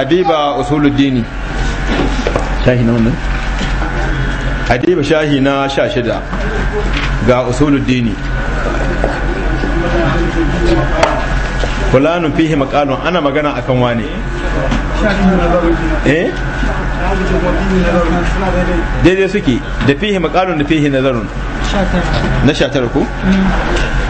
adiba usuluddini shahi na wannan adiba shahi na sha shida ga usuluddini fulanun fihi makalun ana magana akan wane eh daidai suke da fihi makalun da fihi nazarun na sha tara ku mm.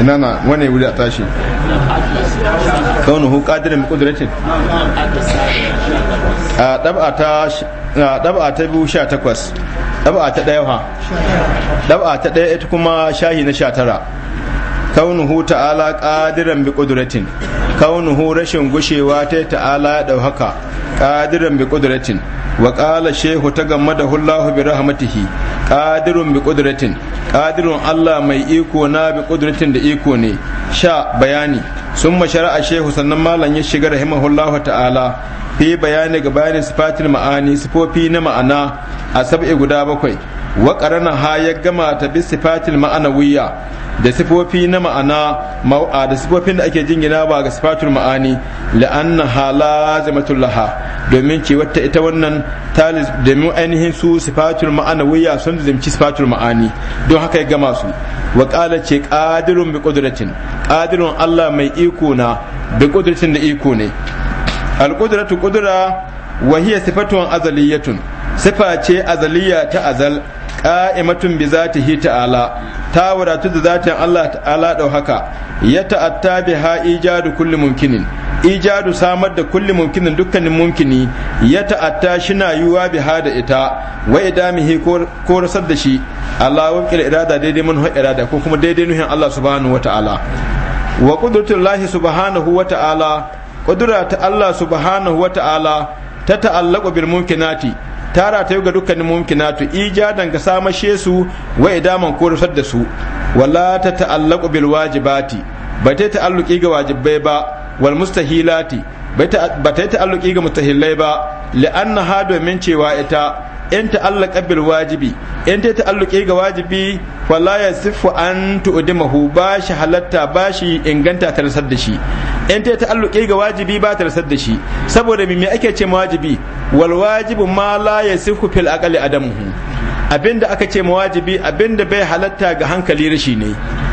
ina na wane wuri a tashi kaunuhu qadirin bi qudratin a dab'a ta dab'a ta biyu sha takwas dab'a ta daya ha dab'a ta daya ita kuma shahi na sha tara kaunuhu ta'ala ƙadiran bi qudratin kaunuhu rashin gushewa ta ta'ala ya haka ƙadiran bi qudratin wa qala shehu da hullahu bi rahmatihi qadirun bi qudratin qadirun Allah mai iko na bi qudratin da iko ne sha bayani summa shara'a shehu sannan malam ya shiga rahimahullahu ta'ala fi bayani ga bayanin sifatin ma'ani sifofi na ma'ana a sab'i guda bakwai wa qaranaha ya gama ta bi sifatil ma'anawiyya da sifofi na ma'ana ma'a da sifofin da ake jingina ba ga sifatul ma'ani la'anna halazimatul laha domin ce wata ita wannan talis domin ainihin su sifatul ma'ana wiya sun zimci sifatul ma'ani don haka ya gama su wa qala ce qadirun bi qudratin qadirun Allah mai iko na bi qudratin da iko ne al qudratu qudra wa hiya sifatun azaliyatun sifa ce azaliya ta azal qa'imatun bi zatihi ta'ala ta wadatu da zatin Allah ta'ala dau haka ya ta'atta biha ijadu kulli mumkinin ijadu samar da kulli mumkinin dukkanin mumkini ya ta'atta yiwuwa yuwa ha da ita wa idamihi ko rasar da shi Allah wakil irada daidai mun irada ko kuma daidai nuhin Allah subhanahu wa ta'ala wa qudratullahi subhanahu wa ta'ala ta Allah subhanahu wa ta'ala ta ta'allaqu bil mumkinati tara ta ga dukkanin mumkinatu ijadan ka samashe su wa idaman ko da su wala ta ta'allaqu bil wajibati ba ta ta'alluqi ga wajibai ba wal mustahilati ba ta ta'alluqi ga mustahilai ba li'annaha domin cewa ita in ta'allaka bil wajibi in ta ta'alluke ga wajibi wala yasifu an tu'dimahu ba shi halatta ba shi inganta ta rasar da shi in ta ta'alluke ga wajibi ba ta rasar da shi saboda me ake ce wajibi wal wajibu ma la yasifu fil aqali adamu abinda aka ce wajibi abinda bai halatta ga hankali rashi ne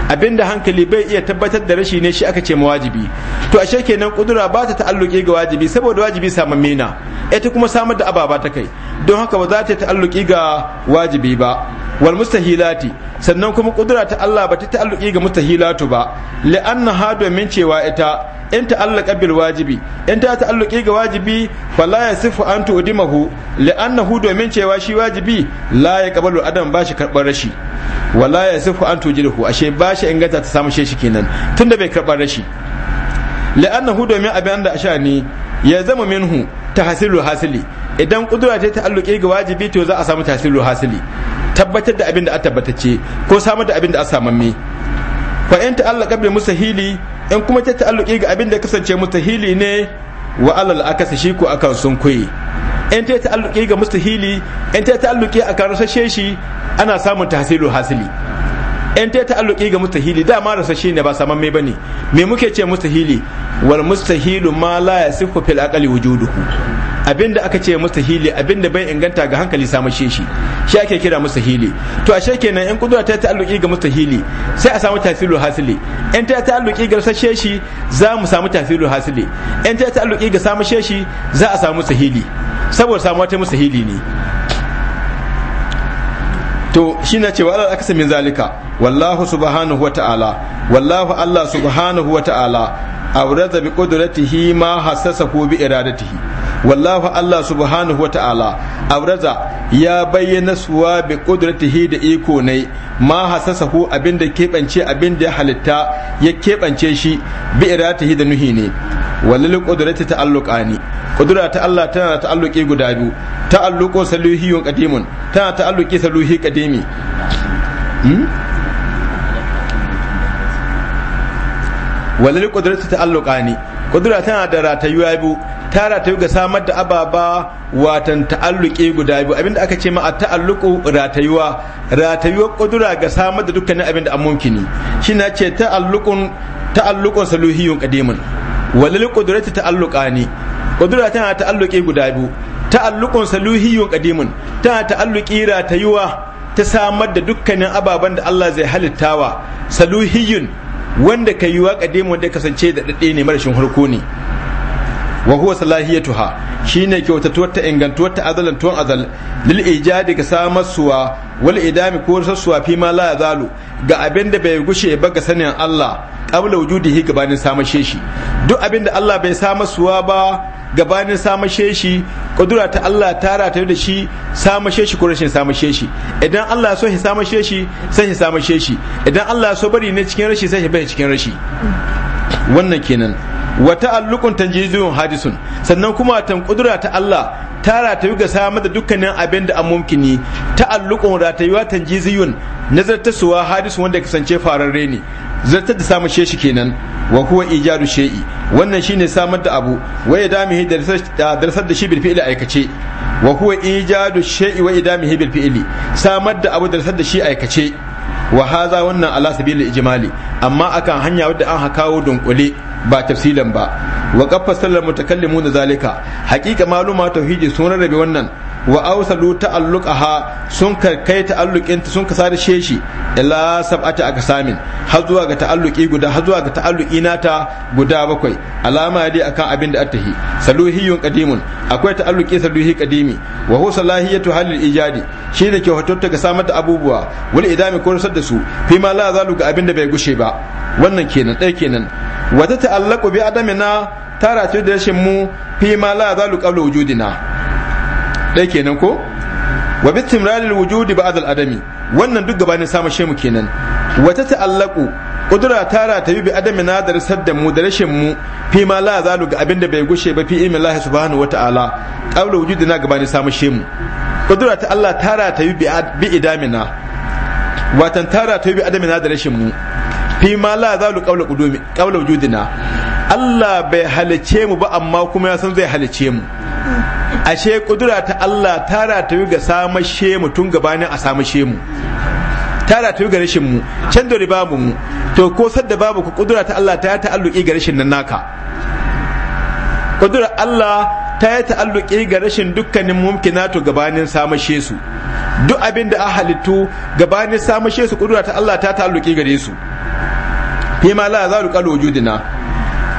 abinda hankali bai iya tabbatar da rashi ne shi aka ce wajibi to ashe kenan kudura ba ta ta'alluki ga wajibi saboda wajibi samun mina ita kuma samar da ababa ta kai don haka ba za ta ta'alluki ga wajibi ba wal mustahilati sannan kuma kudura ta Allah ba ta ta'alluki ga mustahilatu ba li'anna ha domin cewa ita in ta'allaka bil wajibi in ta ta'alluki ga wajibi la yasifu an tu'dimahu li'annahu domin cewa shi wajibi la yaqbalu adam ba shi karbar rashi la yasifu an tujirhu ashe ba shi inganta ta samu shi kenan tunda bai karbar rashi li'annahu domin abin da asha ne ya zama minhu tahsilu hasili idan kudura ta ta'alluki ga wajibi to za a samu tahsilu hasili tabbatar da abin da a tabbatace ko samar da abin da a samamme fa in ta'allaka bi mustahili in kuma ta ta'alluki ga abin da kasance mustahili ne wa alal akasa shi ko akan sun kuyi in ta ta'alluki ga mustahili in ta ta'alluki akan rasashe shi ana samun tahsilu hasili in ta ta'alluki ga mustahili dama rasashe ne ba samamme bane me muke ce mustahili wal mustahilu ma la yasifu fil aqli wujuduhu abinda aka ce hili abinda bai inganta ga hankali samu shi shi ake kira hili to shi kenan in kudura ta ta'alluki ga hili sai a samu tafilu hasili in ta ta'alluki ga sashe shi za mu samu tafilu hasili in ta ta'alluki ga samu shi za a samu hili saboda samuwa ta hili ne to shi na cewa alal akasa min zalika wallahu subhanahu wa ta'ala wallahu allah subhanahu wa ta'ala awrada bi qudratihi ma hassasa bi iradatihi wallahu Allah subhanahu wa ta'ala abraza ya bayyana suwa bi qudratihi da iko ne ma hasasahu abinda keɓance abinda ya halitta ya keɓance shi bi iratihi da nuhi ne walil qudrati ta'alluqani qudura ta Allah tana ta'alluqi guda biyu ta'alluqu saluhiyun qadimun tana ta'alluqi saluhi qadimi hmm? walil qudrati ta'alluqani kudura tana da ratayuwa biyu tara ta ga samar da ababa watan ta'alluƙe guda biyu abinda aka ce ma a ratayuwa ratayuwa ƙudura ga samar da dukkanin abin da an mumkini shi na ce ta'alluƙun ta'alluƙun saluhiyun ƙadimin walil ta ta'alluƙa ne ƙudura tana ta'alluƙe guda biyu ta'alluƙun saluhiyun ƙadimin tana ta'alluƙi ratayuwa ta samar da dukkanin ababen da Allah zai halittawa saluhiyun wanda ka yiwa ƙadimin wanda kasance da ɗaɗɗe ne marashin harko ne wa huwa salahiyatuha shine kyautatuwar ta ingantuwar ta azalan tuwan azal lil ijadi ga suwa wal idami ko rasuwa fi ma la yazalu ga abin da bai gushe ba ga sanin Allah qabla wujudihi gabanin samashe shi duk abin da Allah bai suwa ba gabanin samashe shi kudura ta Allah ta rata da shi samashe shi ko rashin samashe shi idan Allah so shi samashe shi sai shi samashe shi idan Allah so bari ne cikin rashi sai shi bai cikin rashi wannan kenan wa ta'alluqun tanjizun hadisun sannan kuma tan kudura ta Allah ta yi ga samar da dukkanin abin da amumkini ta'alluqun ratayuwa tanjiziyun nazartasuwa hadisun wanda kasance fararre ne zartar da samun sheshi kenan wa huwa ijadu shay'i wannan shine samar da abu wa idamihi darsar da shi bil fi'li aikace wa huwa ijadu shay'i wa idamihi bil fi'li samar da abu darsar da shi aikace wa haza wannan ala sabilil ijmali amma akan hanya wadda an hakawo dunkule ba tafsilan ba wa qaffa mutakallimu da zalika haqiqa maluma tauhidi sunan rabi wannan wa ausalu ta'alluqaha sun kai ta'alluqin sun ka sare sheshi ila sab'ata akasamin har zuwa ga ta'alluqi guda har zuwa ga ta'alluqi nata guda bakwai alama dai akan abin da atahi saluhiyun qadimun akwai ta'alluqi saluhi qadimi wa huwa salahiyatu halil ijadi shi ne ke hototta ga samar da abubuwa wal idami ko rasar da su fi ma la zalu ga abin da bai gushe ba wannan kenan ɗaya kenan wata ta'allaqu bi adamina tara ce da rashin mu fi ma la zalu qabla wujudina ɗaya kenan ko wa bi timralil wujudi ba adal adami wannan duk gabanin samun shemu kenan wata ta'allaku kudura tara ta yi bi adami na da risar da mu da rashin mu fi ma la zalu ga abinda bai gushe ba fi imin lahi subhanahu wa ta'ala wujudi na gabanin samun shemu kudura ta Allah tara ta yi bi idamina watan tara ta yi bi adami na da rashin mu fi ma la zalu qabla wujudi na Allah bai halice mu ba amma kuma ya san zai halice mu ashe kudura ta Allah ta yi ga samashe mu tun gabanin a samashe mu ta yi ga rashin mu can da babu mu to ko sadda babu ku kudura ta Allah ta yi ta'alluki ga rashin nan naka kudura Allah ta yi ta'alluki ga rashin dukkanin mumkinatu gabanin samashe su duk abin da a halittu gabanin samashe su kudura ta Allah ta ta'alluki gare su fima la zaru qalu wujudina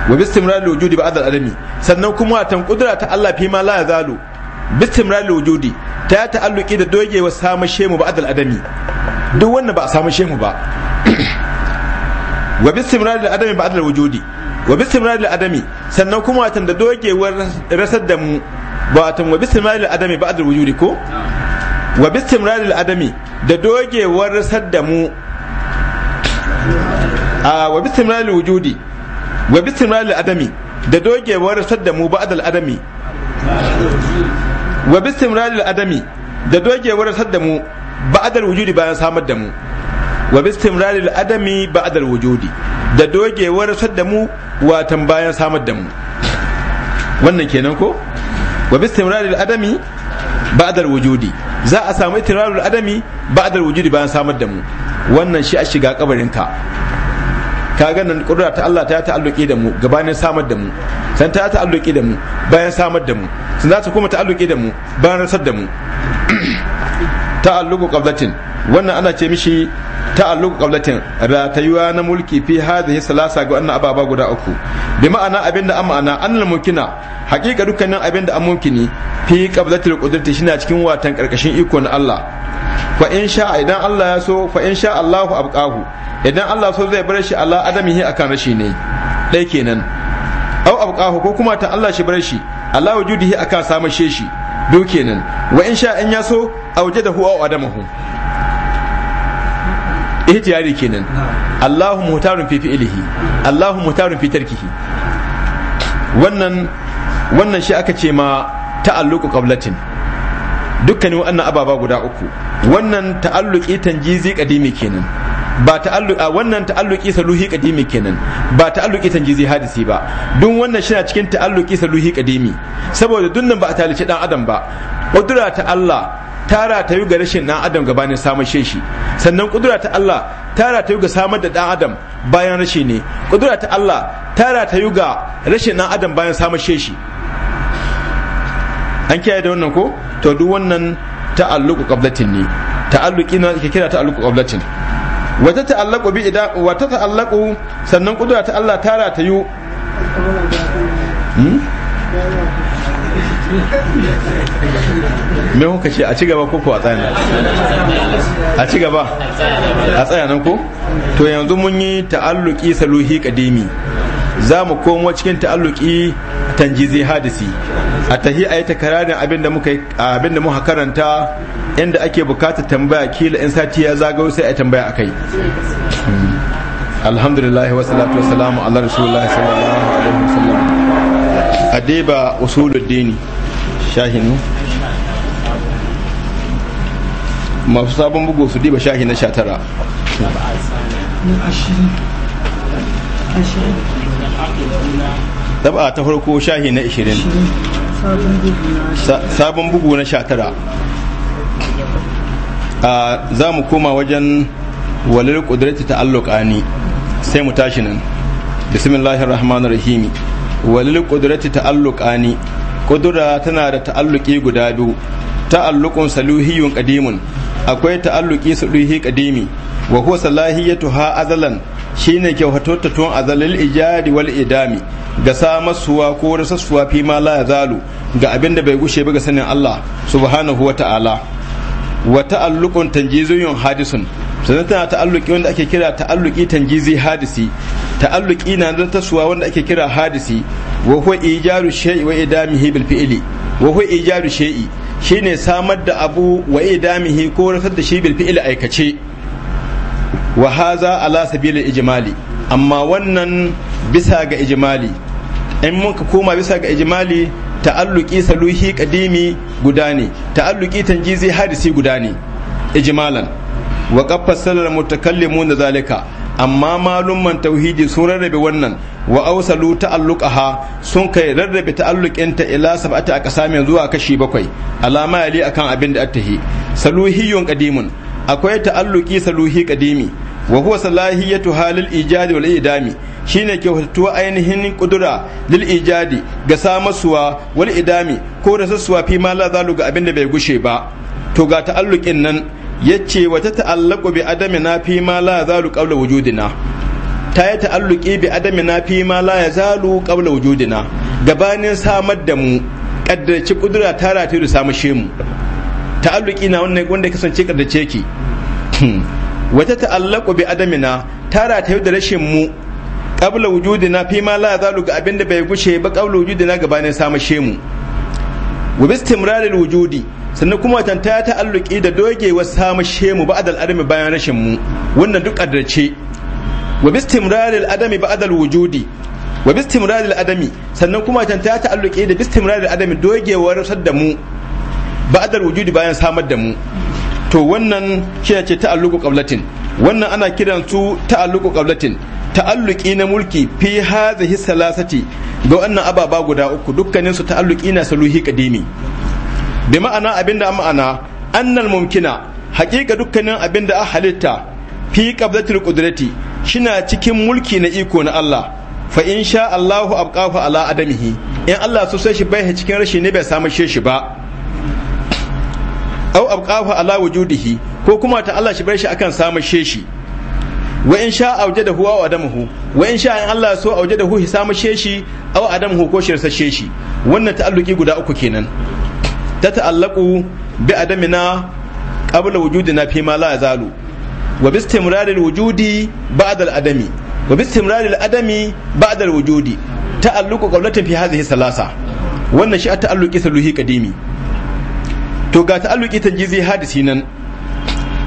wa bistimrar lujudi ba'ad al'adami sannan kuma watan kudura ta Allah fi ma la yazalu bistimrar lujudi ta ta'alluki da dogewa samu shemu ba'ad al'adami duk wanda ba a samu shemu ba wa bistimrar al'adami ba'ad wujudi wa bistimrar al'adami sannan kuma watan da dogewar rasar da mu ba watan wa bistimrar al'adami ba'ad wujudi ko wa bistimrar al'adami da dogewar rasar da mu a wa bistimrar al'wujudi wa bistimrali adami da dogewar da mu ba'dal adami wa bistimrali adami da dogewar da mu ba'dal wujudi bayan samar da mu wa bistimrali adami ba'dal wujudi da dogewar da mu watan bayan samar da mu wannan kenan ko wa bistimrari adami ba'dal wujudi za a samu itirarul adami ba'dal wujudi bayan samar da mu wannan shi a shiga kabarinka kaga nan kudura ta Allah ta ta'alluki da mu gabanin samar da mu san ta ta'alluki da mu bayan samar da mu sun za su kuma ta'alluki da mu bayan rasar da mu ta'alluqu qablatin wannan ana ce mishi ta'alluqu qablatin ratayuwa na mulki fi hadhihi salasa ga wannan ababa guda uku bi ma'ana abinda an ma'ana annal mumkina haƙiƙa dukkanin abinda an mumkini fi qablatil qudrati shine cikin watan karkashin iko na Allah fa in sha idan Allah ya so fa in sha Allahu abqahu idan Allah so zai bar shi ala adamihi akan rashi ne dai kenan au abqahu ko kuma ta Allah shi bar shi Allah wujudihi akan samashe shi duke nan wa in sha in yaso awjadahu aw adamahu ihtiyari kenan Allahu muhtarun fi fi'lihi Allahu muhtarun fi tarkihi wannan wannan shi aka ce ma ta'alluqu qablatin dukkanin wannan ababa guda uku wannan ta'alluqi tanjizi kadimi kenan ba a wannan ta'alluqi saluhi kadimi kenan ba ta'alluqi jizi hadisi ba duk wannan shi na cikin ta'alluqi saluhi kadimi. saboda dunnan ba a talice dan adam ba kudura ta Allah tara ta yi ga rashin ɗan adam gabanin samun shi sannan kudura ta Allah tara ta yi ga samar da ɗan adam bayan rashi ne kudura ta Allah tara ta yi ga rashin ɗan adam bayan samun shi an kiyaye da wannan ko to duk wannan ta'alluqu qablatin ne ta'alluqi na ke kira ta'alluqu qablatin wata ta'allaqu bi ida wata ta'allaqu sannan kudura ta Allah tara ta yu hmm? me kuka ce a ci gaba ko a tsaya a ci gaba a tsaya nan ko to yanzu mun yi ta'alluki saluhi kadimi za mu komo cikin ta'alluki tanjizi hadisi a tahi a yi takararin abin da muka karanta inda ake bukatar tambaya kila in sati ya zagayo sai a tambaya akai alhamdulillah wa salatu wa salamu ala rasulullah sallallahu alaihi wasallam adeba usuluddini shahinu masu sabon bugu su diba shahi na 19 daba ta farko shahi na 20 sabon bugu na 19 za mu koma wajen walil kudrati ta'alluqani sai mu tashi nan bismillahir rahmanir rahim walil kudrati kudura tana da ta'alluki guda biyu Ta'allukun saluhiyun ƙadimun akwai ta'alluki saluhi kadimi. wa huwa salahiyatuha azalan shine kyautattu tun azalil ijadi wal idami ga samasuwa ko rasasuwa fi ma la yazalu ga abinda bai gushe ba ga sanin Allah subhanahu wa ta'ala wa ta'alluqun tanjiziyun hadisun sannan tana ta'alluki wanda ake kira ta'alluki tanjizi hadisi ta'alluki na da tasuwa wanda ake kira hadisi wa huwa ijaru shay'i wa idamihi bil fi'li wa huwa ijaru shay'i shine samar da abu wa idamihi ko rasar da shi bil fi'li aikace wa haza ala sabili ijmali amma wannan bisa ga ijmali in ka koma bisa ga ijmali ta'alluki saluhi kadimi guda ne ta'alluki tanjizi hadisi guda ne ijmalan wa qaffas salal mutakallimun zalika amma malumman tauhidi sun rarrabe wannan wa ausalu ta'alluqaha sun kai rarrabe ta ila sab'ati a yanzu zuwa kashi bakwai alama yali akan abin da attahi saluhiyun qadimun akwai ta'alluki saluhi kadimi. wa huwa salahiyatu halil ijadi wal idami shine ke hutuwa ainihin kudura lil ijadi ga samasuwa wal idami ko da sassuwa fi ma la zalu ga abin da bai gushe ba to ga ta'alluqin nan yace wata ta'allaqu bi adami na fi ma la zalu qabla wujudina ta yi ta'alluqi bi adami na fi ma la zalu qabla wujudina gabanin samar da mu kaddace kudura ta da samashe mu ta'alluqi na wannan wanda kasance kaddace ki hmm. wata ta'allaku bi adamina tara ta da rashin mu qabla wujudina fi ma la zalu ga abinda bai gushe ba qabla wujudina gabanin samashe mu wa bi istimraril wujudi sannan kuma watan ta ta'alluki da dogewar samashe mu ba'dal adami bayan rashin mu wannan duk kaddarce wa bi istimraril adami ba'dal wujudi wa bi istimraril adami sannan kuma watan ta ta'alluki da bi istimraril adami dogewar da mu ba'dal wujudi bayan samar da mu to wannan shi ce ta'alluqu qablatin wannan ana kiran su ta'alluqu qablatin ta'alluqi na mulki fi hadhihi salasati ga wannan ababa guda uku dukkanin su ta'alluqi na saluhi qadimi bi ma'ana abinda ma'ana annal mumkina haƙiƙa dukkanin abinda a halitta fi qablatil qudrati shina cikin mulki na iko na Allah fa in sha Allahu abqahu ala adamihi in Allah so sai shi bai cikin rashi ne bai samu shi ba aw abqahu ala wujudihi ko kuma ta Allah shi bar shi akan samashe sheshi wa in sha auje da huwa wa adamuhu wa in sha in Allah so auje da huhi sheshi aw adamuhu ko shirsa sheshi wannan ta'alluki guda uku kenan ta ta'allaku bi adamina qabla wujudina fi ma la yazalu wa bi istimraril wujudi ba'da al adami wa bi istimraril adami ba'da al wujudi ta'alluqu qawlatin fi hadhihi salasa wannan shi at ta'alluqi saluhi qadimi to ga ta jizi hadisi nan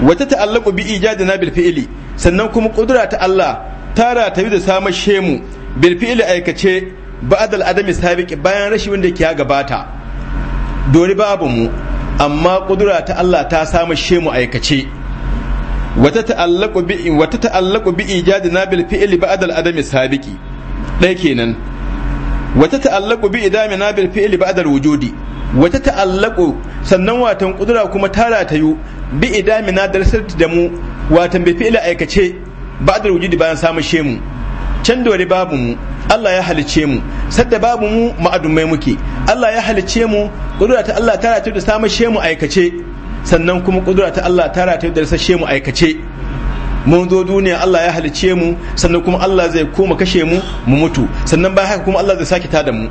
wata ta'allaku bi ijadina bil fi'li sannan kuma kudura ta Allah tara ta yi da samar shemu bil fi'li aikace ba'dal adami sabiqi bayan rashin wanda ke ya gabata dori babu mu amma kudura ta Allah ta samu shemu aikace wata ta'allaku bi wata ta'allaku bi ijadina bil fi'li ba'dal adami sabiqi dai kenan wata ta'allaku bi na bil fi'li ba'dal wujudi wata ta'allaku sannan watan kudura kuma ta ratayu bi idamina darsar da mu watan bi fi'ila aikace ba da wujudi bayan samun shemu can da babu mu Allah ya halice mu sadda babu mu ma'adumai muke Allah ya halice mu kudura ta Allah ta ratayu da samun shemu aikace sannan kuma kudura ta Allah ta ratayu da darsar shemu aikace mun zo duniya Allah ya halice mu sannan kuma Allah zai koma kashe mu mu mutu sannan bayan haka kuma Allah zai sake tada mu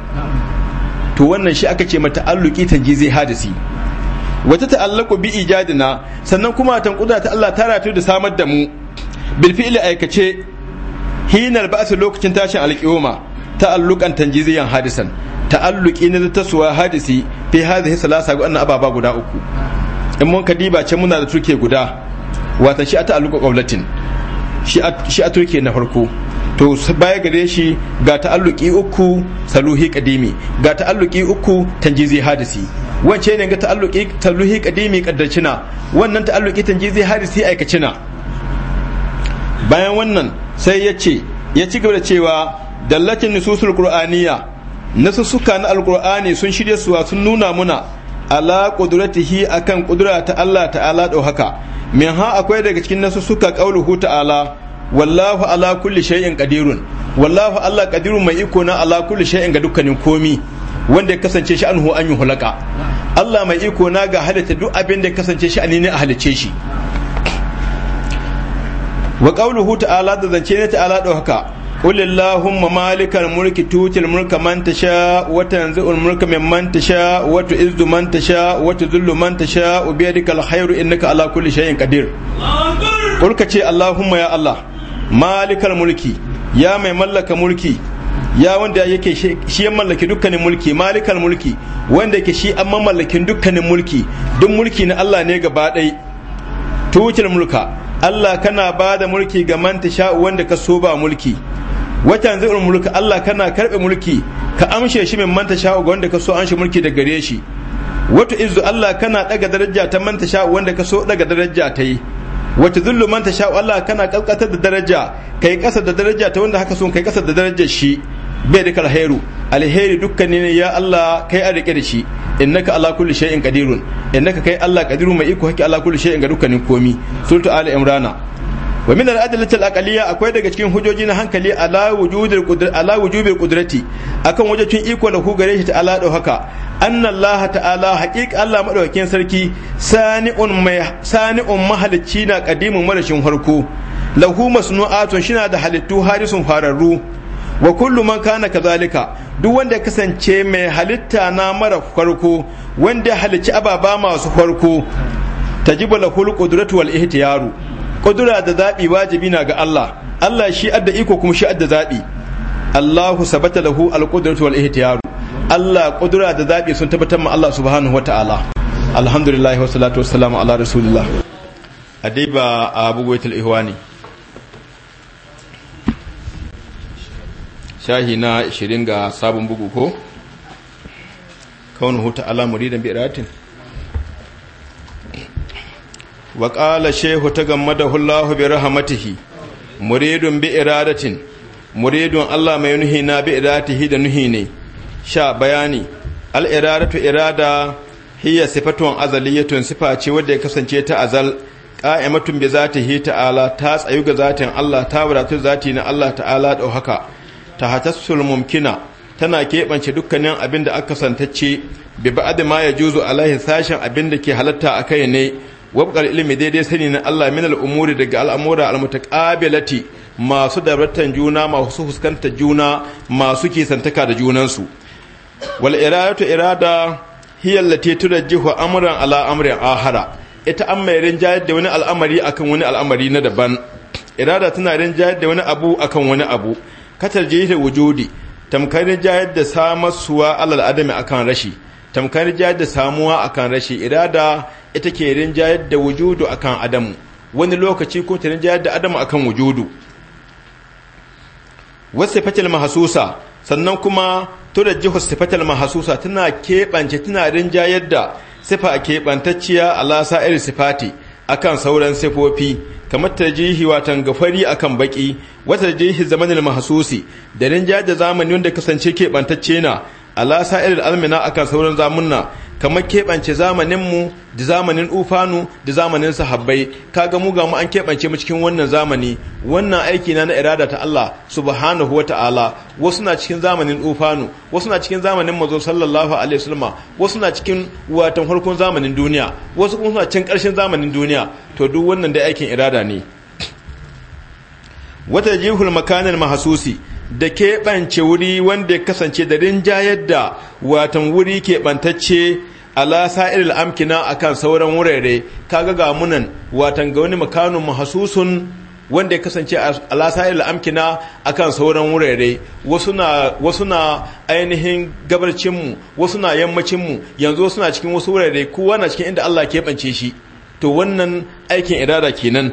to wannan shi aka ce mata alluki tanjizi hadisi wata ta'allaku bi ijadina sannan kuma kuda ta Allah ta da samar da mu bil fi'li aikace hinar ba'su lokacin tashin alƙiyoma ta'allukan tanjiziyan hadisan ta'alluki na tasuwa hadisi fi hadhihi salasa ga wannan ababa guda uku in mun kadiba ce muna da turke guda wata shi a ta'alluka qawlatin shi a turke na farko to baya gare shi ga ta'alluki uku saluhi kadimi ga ta'alluki uku tanjizi hadisi wance ne ga ta'alluki saluhi kadimi kaddacina wannan ta'alluki tanjizi hadisi aikacina bayan wannan sai ya ce ya ci gaba da cewa dallacin nususul qur'aniya nasussuka na alqur'ani sun shirye suwa sun nuna muna ala qudratihi akan qudura ta Allah ta'ala do haka min ha akwai daga cikin nasussuka qauluhu ta'ala wallahu ala kulli shay'in qadirun wallahu alla qadirun mai iko na ala kulli shay'in ga dukkanin komi wanda ya kasance shi anhu an yuhlaka Allah mai iko na ga halitta duk abin da ya kasance shi ne a halice shi wa qawluhu ta'ala da zance ne ta'ala da haka قل اللهم مالك الملك توتي الملك من تشاء وتنزع الملك ممن تشاء وتعز من تشاء وتذل من تشاء وبيدك الخير انك على كل شيء قدير الله ƙulka ce Allahumma ya Allah malikal mulki ya mai mallaka mulki ya wanda yake shi ya mallaki dukkanin mulki malikal mulki wanda yake shi an mallakin dukkanin mulki duk mulki na Allah ne gaba ɗai tuwucin mulka Allah kana ba da mulki ga manta sha'u wanda ka so ba mulki watan zai mulka Allah kana karɓe mulki ka amshe shi min manta sha'u ga wanda ka so amshe mulki da gare shi wato izu Allah kana daga daraja ta manta sha'u wanda ka so daga daraja ta yi wacce zullu manta sha Allah kana kalkatar da daraja kai kasa da daraja ta wanda haka sun kai kasa da darajar shi bai da alheru alheri dukkanin ne ya Allah kai a rike da shi innaka ala kulli shay'in qadirun innaka kai Allah qadiru mai iko haki ala kulli shay'in ga dukkanin komi suratu ali imran wa min al-adillati al-aqliyya akwai daga cikin hujoji na hankali ala wujudil qudrat ala wujubil qudrati akan wajibin iko da ku gare shi ta ala haka anna Allah ta'ala haƙiƙa Allah maɗaukakin sarki sani'un mai sani'un mahalicci na kadimin marashin harko lahu masnu'atun shina da halittu harisun fararru wa kullu man kana kazalika duk wanda ya kasance mai halitta na mara farko wanda ya halicci ababa masu farko tajibu lahul qudratu wal ihtiyaru qudura da zabi wajibi na ga Allah Allah shi adda iko kuma shi adda zabi Allahu sabata lahu al qudratu wal ihtiyaru Allah kudura da zaɓi sun tabbatar ma Allah subhanahu wa ta'ala alhamdulillah wa salatu wa salamu ala rasulillah adiba abu waitul ihwani shahi na 20 ga sabon bugu ko kaunuhu ala muridan bi ratin wa qala shaykhu tagammadahu Allahu bi rahmatihi muridun bi iradatin muridun Allah mai nuhi na bi iradatihi da nuhi ne sha bayani al'iradatu irada hiya sifatun azaliyatun sifa ce wadda ya kasance ta azal ƙa'imatun bi hi ta'ala ta tsayu ga zatin Allah ta wadatu zati na Allah ta'ala ɗau haka ta hatassul mumkina tana keɓance dukkanin abin da aka santacce bi ba'ad ma ya juzu alaihi sashen abin da ke halatta a kai ne wabkar ilimi daidai sani na Allah min al'umuri daga al'amura al-mutaqabilati masu dabratan juna masu fuskantar juna masu kisantaka da junansu wal iradatu irada hiya allati turajjihu amran ala amrin ahara ita an mai rinjayar da wani al'amari akan wani al'amari na daban irada tana rinjayar da wani abu akan wani abu katar jihi da wujudi tamkar rinjayar da samuwa alal adami akan rashi tamkar rinjayar da samuwa akan rashi irada ita ke rinjayar da wujudu akan adamu wani lokaci ko ta rinjayar da adamu akan wujudu wasu fatil mahasusa sannan kuma jihu sifatal mahasusa tana keɓance tana rinjayar da sifa a keɓantacciya ala iri sifati akan sauran sifofi kamar ta jihi watan gafari akan baki wata jihi zamanin mahasusi da rinjayar da zamani wanda kasance keɓantacce na ala iri almina akan sauran zamunna kamar keɓance zamaninmu da zamanin ufanu da zamanin sahabbai kaga mu ga mu an keɓance mu cikin wannan zamani wannan aiki na na irada ta Allah subhanahu wa ta'ala wasu na cikin zamanin ufanu wasu na cikin zamanin mazo sallallahu alaihi wasallam wasu na cikin watan farkon zamanin duniya wasu kuma suna cikin ƙarshen zamanin duniya to duk wannan da aikin irada ne wata jihul makanin mahasusi da keɓance wuri wanda ya kasance da rinjayar da watan wuri keɓantacce ala sa'iril amkina akan sauran wurare kaga ga munan watan ga wani makanun mahasusun wanda ya kasance ala sa'iril amkina akan sauran wurare wasu na ainihin gabarcinmu wasu na yammacin mu yanzu na cikin wasu wurare kowa na cikin inda Allah keɓance shi to wannan aikin irada kenan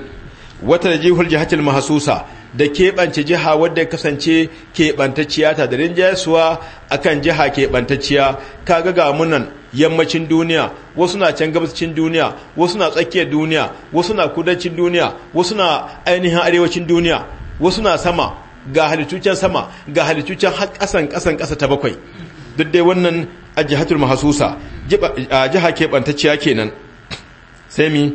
wata jihul jihatil mahasusa da keɓance jiha wadda ya kasance keɓantacciya ta da rinjayasuwa a kan jiha keɓantacciya kaga ga munan yammacin duniya wasu na can gabacin duniya wasu na tsakiyar duniya wasu na kudancin duniya wasu na ainihin arewacin duniya wasu na sama ga halittucen sama ga halittucen har ƙasan ƙasa ta bakwai duk dai wannan a jihatul mahasusa jiha keɓantacciya kenan sai mi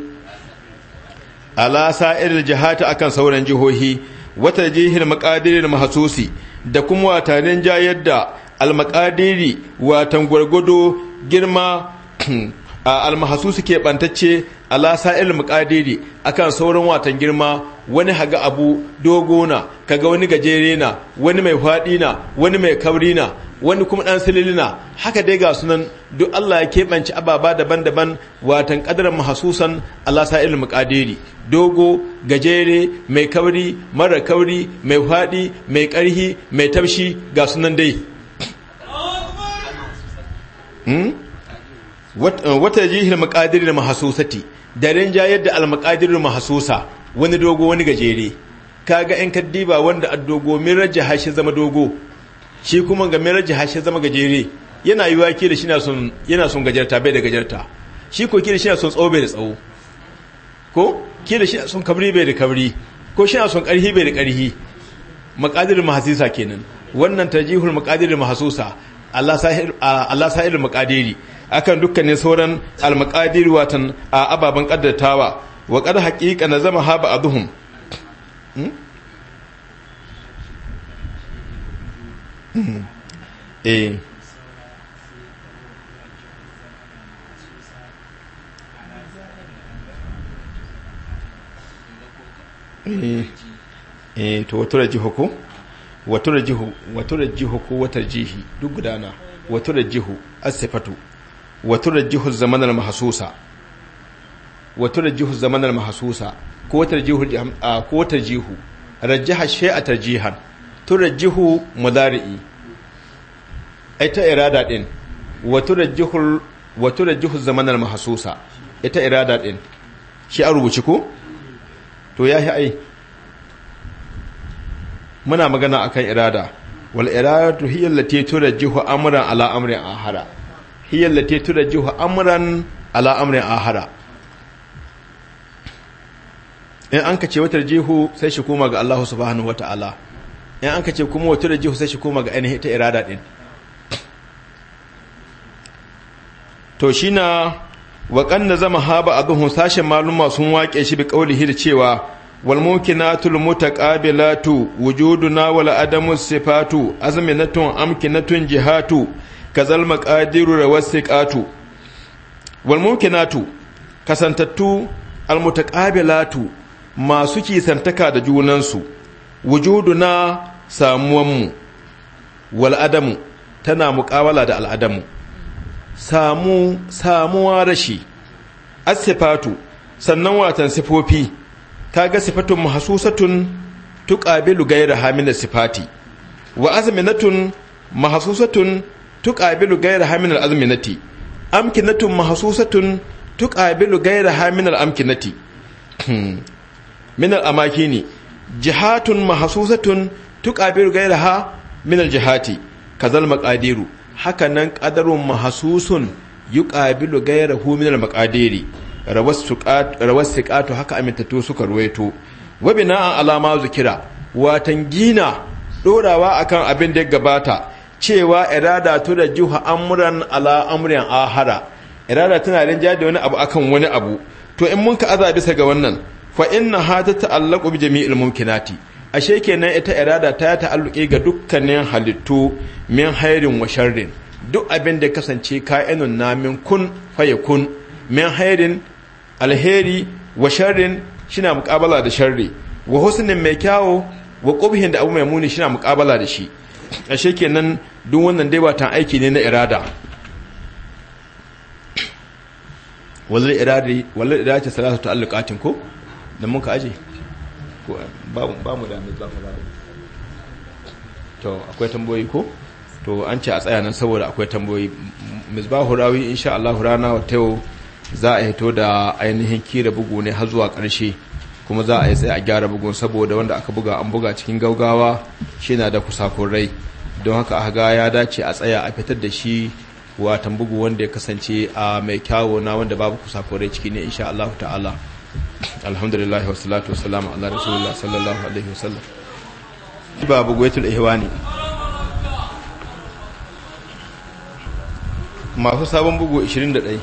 ala sa'ir jihata akan sauran jihohi wata jihil maƙadirin mahasusi da kuma watanen jayar da almaƙadiri watan gwargwado girma almahasusi ke ɓantacce ala sa'il akan sauran watan girma wani haga abu dogo na kaga wani gajere na wani mai faɗi na wani mai kauri na wani kuma ɗan silili na haka dai ga sunan duk Allah ya keɓance ababa daban-daban watan ƙadarar mahasusan Allah sa'il muƙadiri dogo gajere mai kauri mara kauri mai faɗi mai ƙarhi mai tafshi ga sunan dai hmm? uh, wata jihil makadirin mahasusati da rinja yadda al mahasusa wani dogo wani gajere kaga in kaddiba wanda dogo min rajaha hashe zama dogo shi kuma ga min rajaha shi zama gajere yana yi waki da shi na son yana gajarta bai da gajarta shi ko ke da shi na son tsawo bai da tsawo ko ke da shi na son kabri bai da kabri ko shi na son karhi bai da karhi maqadir mahasisa kenan wannan tajihul maqadir mahasusa Allah sahir Allah sahir maqadiri akan dukkanin sauran al maqadir watan ababan qaddatawa wa qad haƙiƙa na zama haɓa hmm? hmm. eh. eh eh to wato rajihu ko wato rajihu wato rajihu ko watar jihi duk gudana wato rajihu as-sifatu wato rajihu zaman al-mahsusa wa turjihu zaman al-mahsusa ko tarjihu ko tarjihu rajjaha shay'a tarjihan turjihu mudari'i ita irada din wa turjihu wa jihu zaman al-mahsusa ita irada din shi an rubuci ko to yahi ai muna magana akan irada wal iradatu hiya allati turjihu amran ala amrin ahara hiya allati turjihu amran ala amrin ahara in an ka ce wata jihu sai shi koma ga Allah subhanahu wa ta'ala in an ka ce kuma wata jihu sai shi koma ga ainihin ta irada din to shi na waƙan da zama haba a duhun sashen maluma sun waƙe shi bi ƙaulihi da cewa walmukinatul wujudu na wala adamu sifatu azminatun amkinatun jihatu kazal maqadiru rawasiqatu walmukinatu kasantattu tu. masu kisantaka da junansu wujudu na samuwanmu wal'adamu tana muƙawala da al'adamu samu samuwa shi asifatu sannan watan sifofi ta ga sifatun mahsusatun tuqabilu ghayra haminar sifati wa azminatun mahsusatun tuqabilu ghayra haminar azminati amkinatun mahsusatun tuqabilu ghayra haminar amkinati min al-amakini jihatun mahsusatun tuqabiru ha min al-jihati kazal maqadiru hakanan qadarun mahsusun yuqabilu ghayrahu min al-maqadiri rawas haka amintatu suka ruwaito wa an alama zikira watan gina dorawa akan abin da ya gabata cewa irada tu da juha amuran ala amurin ahara irada tana rinja da wani abu akan wani abu to in mun ka aza bisa ga wannan fa inna ha ta ta'allaqu bi jami'il mumkinati ashe kenan ita irada ta ta'alluke ga dukkanin halittu min hayrin wa sharrin duk abin da kasance ka'inun na min kun fayakun min hayrin alheri wa sharrin shina muqabala da sharri wa husnin mai kyawo wa qubhin da abu mai muni shina muqabala da shi ashe kenan duk wannan dai ba tan aiki ne na irada wallal iradi wallal ta salatu ta'alluqatin ko da muka aje ba mu da ba mu to akwai tamboyi ko to an ce a tsaya nan saboda akwai tamboyi misbahu rawi insha Allah rana wa tayo za a hito da ainihin kira bugu ne har zuwa karshe kuma za a yi tsaya a gyara bugun saboda wanda aka buga an buga cikin gaugawa shi na da kusakurai don haka a ga ya dace a tsaya a fitar da shi watan bugu wanda ya kasance a mai kyawo na wanda babu kusakurai ciki ne insha Allah ta'ala alhamdulillah wa salatu salam ala rasulullah sallallahu alaihi sallam babu bugwaitul ihwani masu sabon bugu 21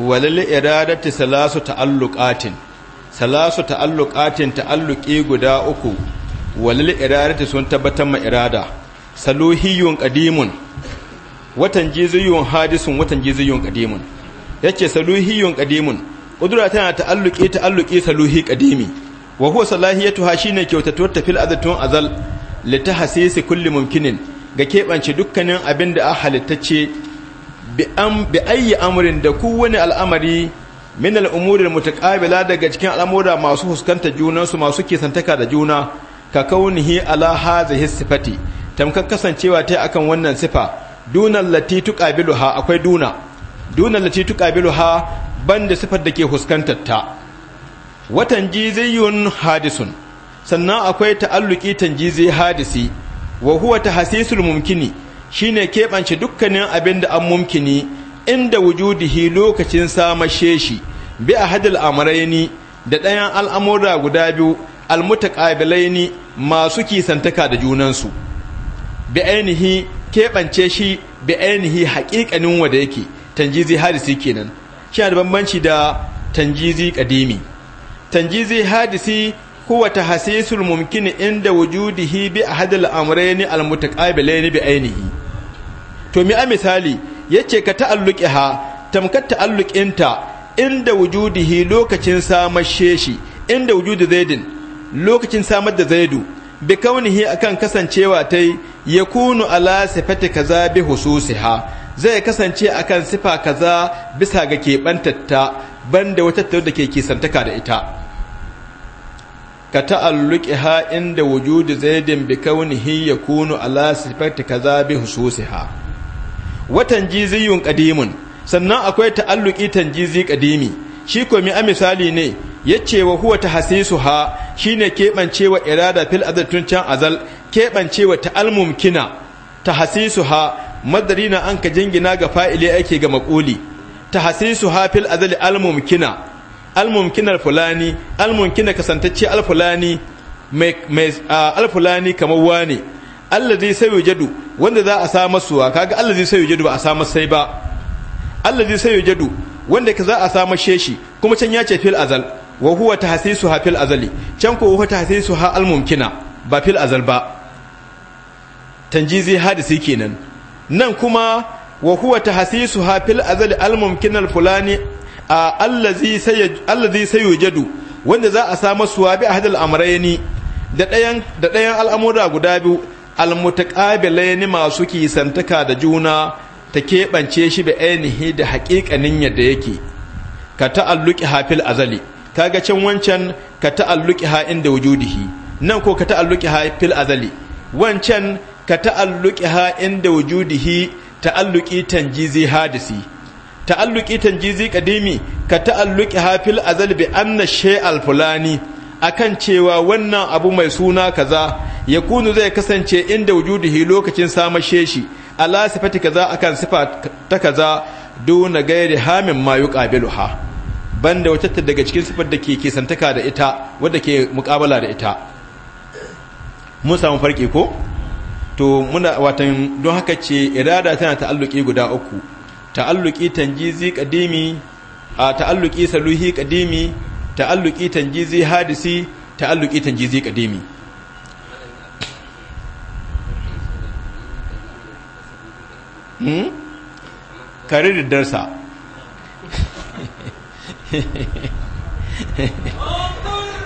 walil iradati salasu ta'alluqatin salasu ta'alluqatin ta'alluqi guda uku walil iradati sun tabbatar ma irada saluhiyun qadimun watan jizuyun hadisun watan jizuyun qadimun yace saluhiyun qadimun kudura tana ta'alluqi ta'alluqi saluhi qadimi wa huwa salahiyatuha shine kyautatuwar tafil azatun azal litahsisi kulli mumkinin ga kebance dukkanin abin da a halittace bi am bi ayi amrin da kowani al'amari min al'umuri mutaqabila daga cikin al'amura masu huskanta junan su masu kisantaka da juna ka kaunihi ala hadhihi sifati tamkan kasancewa ta akan wannan sifa dunan lati ha akwai duna dunan lati ban banda sifar da ke huskantar ta watan jiziyun hadisun sannan akwai ta'alluki tanjizi hadisi wa huwa tahsisul mumkini shine keɓance dukkanin abin da an mumkini inda wujudihi lokacin samashe shi bi ahadil amrayni da ɗayan al'amura guda biyu almutaqabilaini masu kisantaka da junansu bi ainihi keɓance shi bi ainihi haƙiƙanin wanda yake tanjizi hadisi kenan shi da bambanci da tanjizi kadimi tanjizi hadisi huwa tahsisul mumkin inda wujudihi bi ahad al al-mutaqabilayn bi ainihi to mi a misali yace ka ha, tamkar ta'alluqinta inda wujudihi lokacin samar shi inda wujudu zaidin lokacin samar da zaidu bi kaunihi akan kasancewa ta ya kunu ala sifati kaza bi hususiha zai kasance akan sifa kaza bisa ga keɓantatta banda wata da ke kisantaka da ita ka ta'alluqiha inda wujudu zaidin bi kaunihi ya kunu ala sifati kaza bi hususiha watan jiziyun qadimun sannan akwai ta'alluƙi tanjizi qadimi shi ko mi a misali ne ce wa huwa ne shine wa irada fil azal tun can azal wa ta almumkina ha madari na an ka jingina ga fa'ili ake ga hasisu ha fil azali almumkina almumkinar fulani almumkina kasantacce alfulani mai alfulani kamar wani allazi sai jadu wanda za a sa masuwa kaga allazi sai jadu ba a sa masai ba allazi sai jadu. wanda ka za a samu shi kuma can ya ce fil azal wa huwa ha fil azali can ko huwa ha al mumkina ba fil azal ba tanjizi hadisi kenan nan kuma wa huwa ha fil azali al mumkina al fulani allazi say allazi sayujadu wanda za a samu suwa bi ahadal amrayni da dayan da dayan al'amura guda biyu al mutaqabilaini masu kisantaka da juna ta keɓance shi da ainihi da haƙiƙanin yadda yake ka ta'alluki hafil azali kaga can wancan ka ta'alluki ha inda wujudihi nan ko ka ta'alluki hafil azali wancan ka ta'alluki ha inda wujudihi ta'alluki tanjizi hadisi ta'alluki tanjizi kadimi ka ta'alluki hafil azali bi anna alfulani. fulani akan cewa wannan abu mai suna kaza yakunu zai kasance inda wujudihi lokacin samashe shi ala sifati kaza akan sifa ta kaza duna gairi hamin ma yuqabiluha banda wata ta daga cikin sifar da ke kisantaka da ita wadda ke muqabala da ita mun samu farki ko to muna watan don haka ce irada tana ta'alluki guda uku ta'alluki tanjizi qadimi a ta'alluki saluhi qadimi ta'alluki tanjizi hadisi ta'alluki tanjizi qadimi da darsa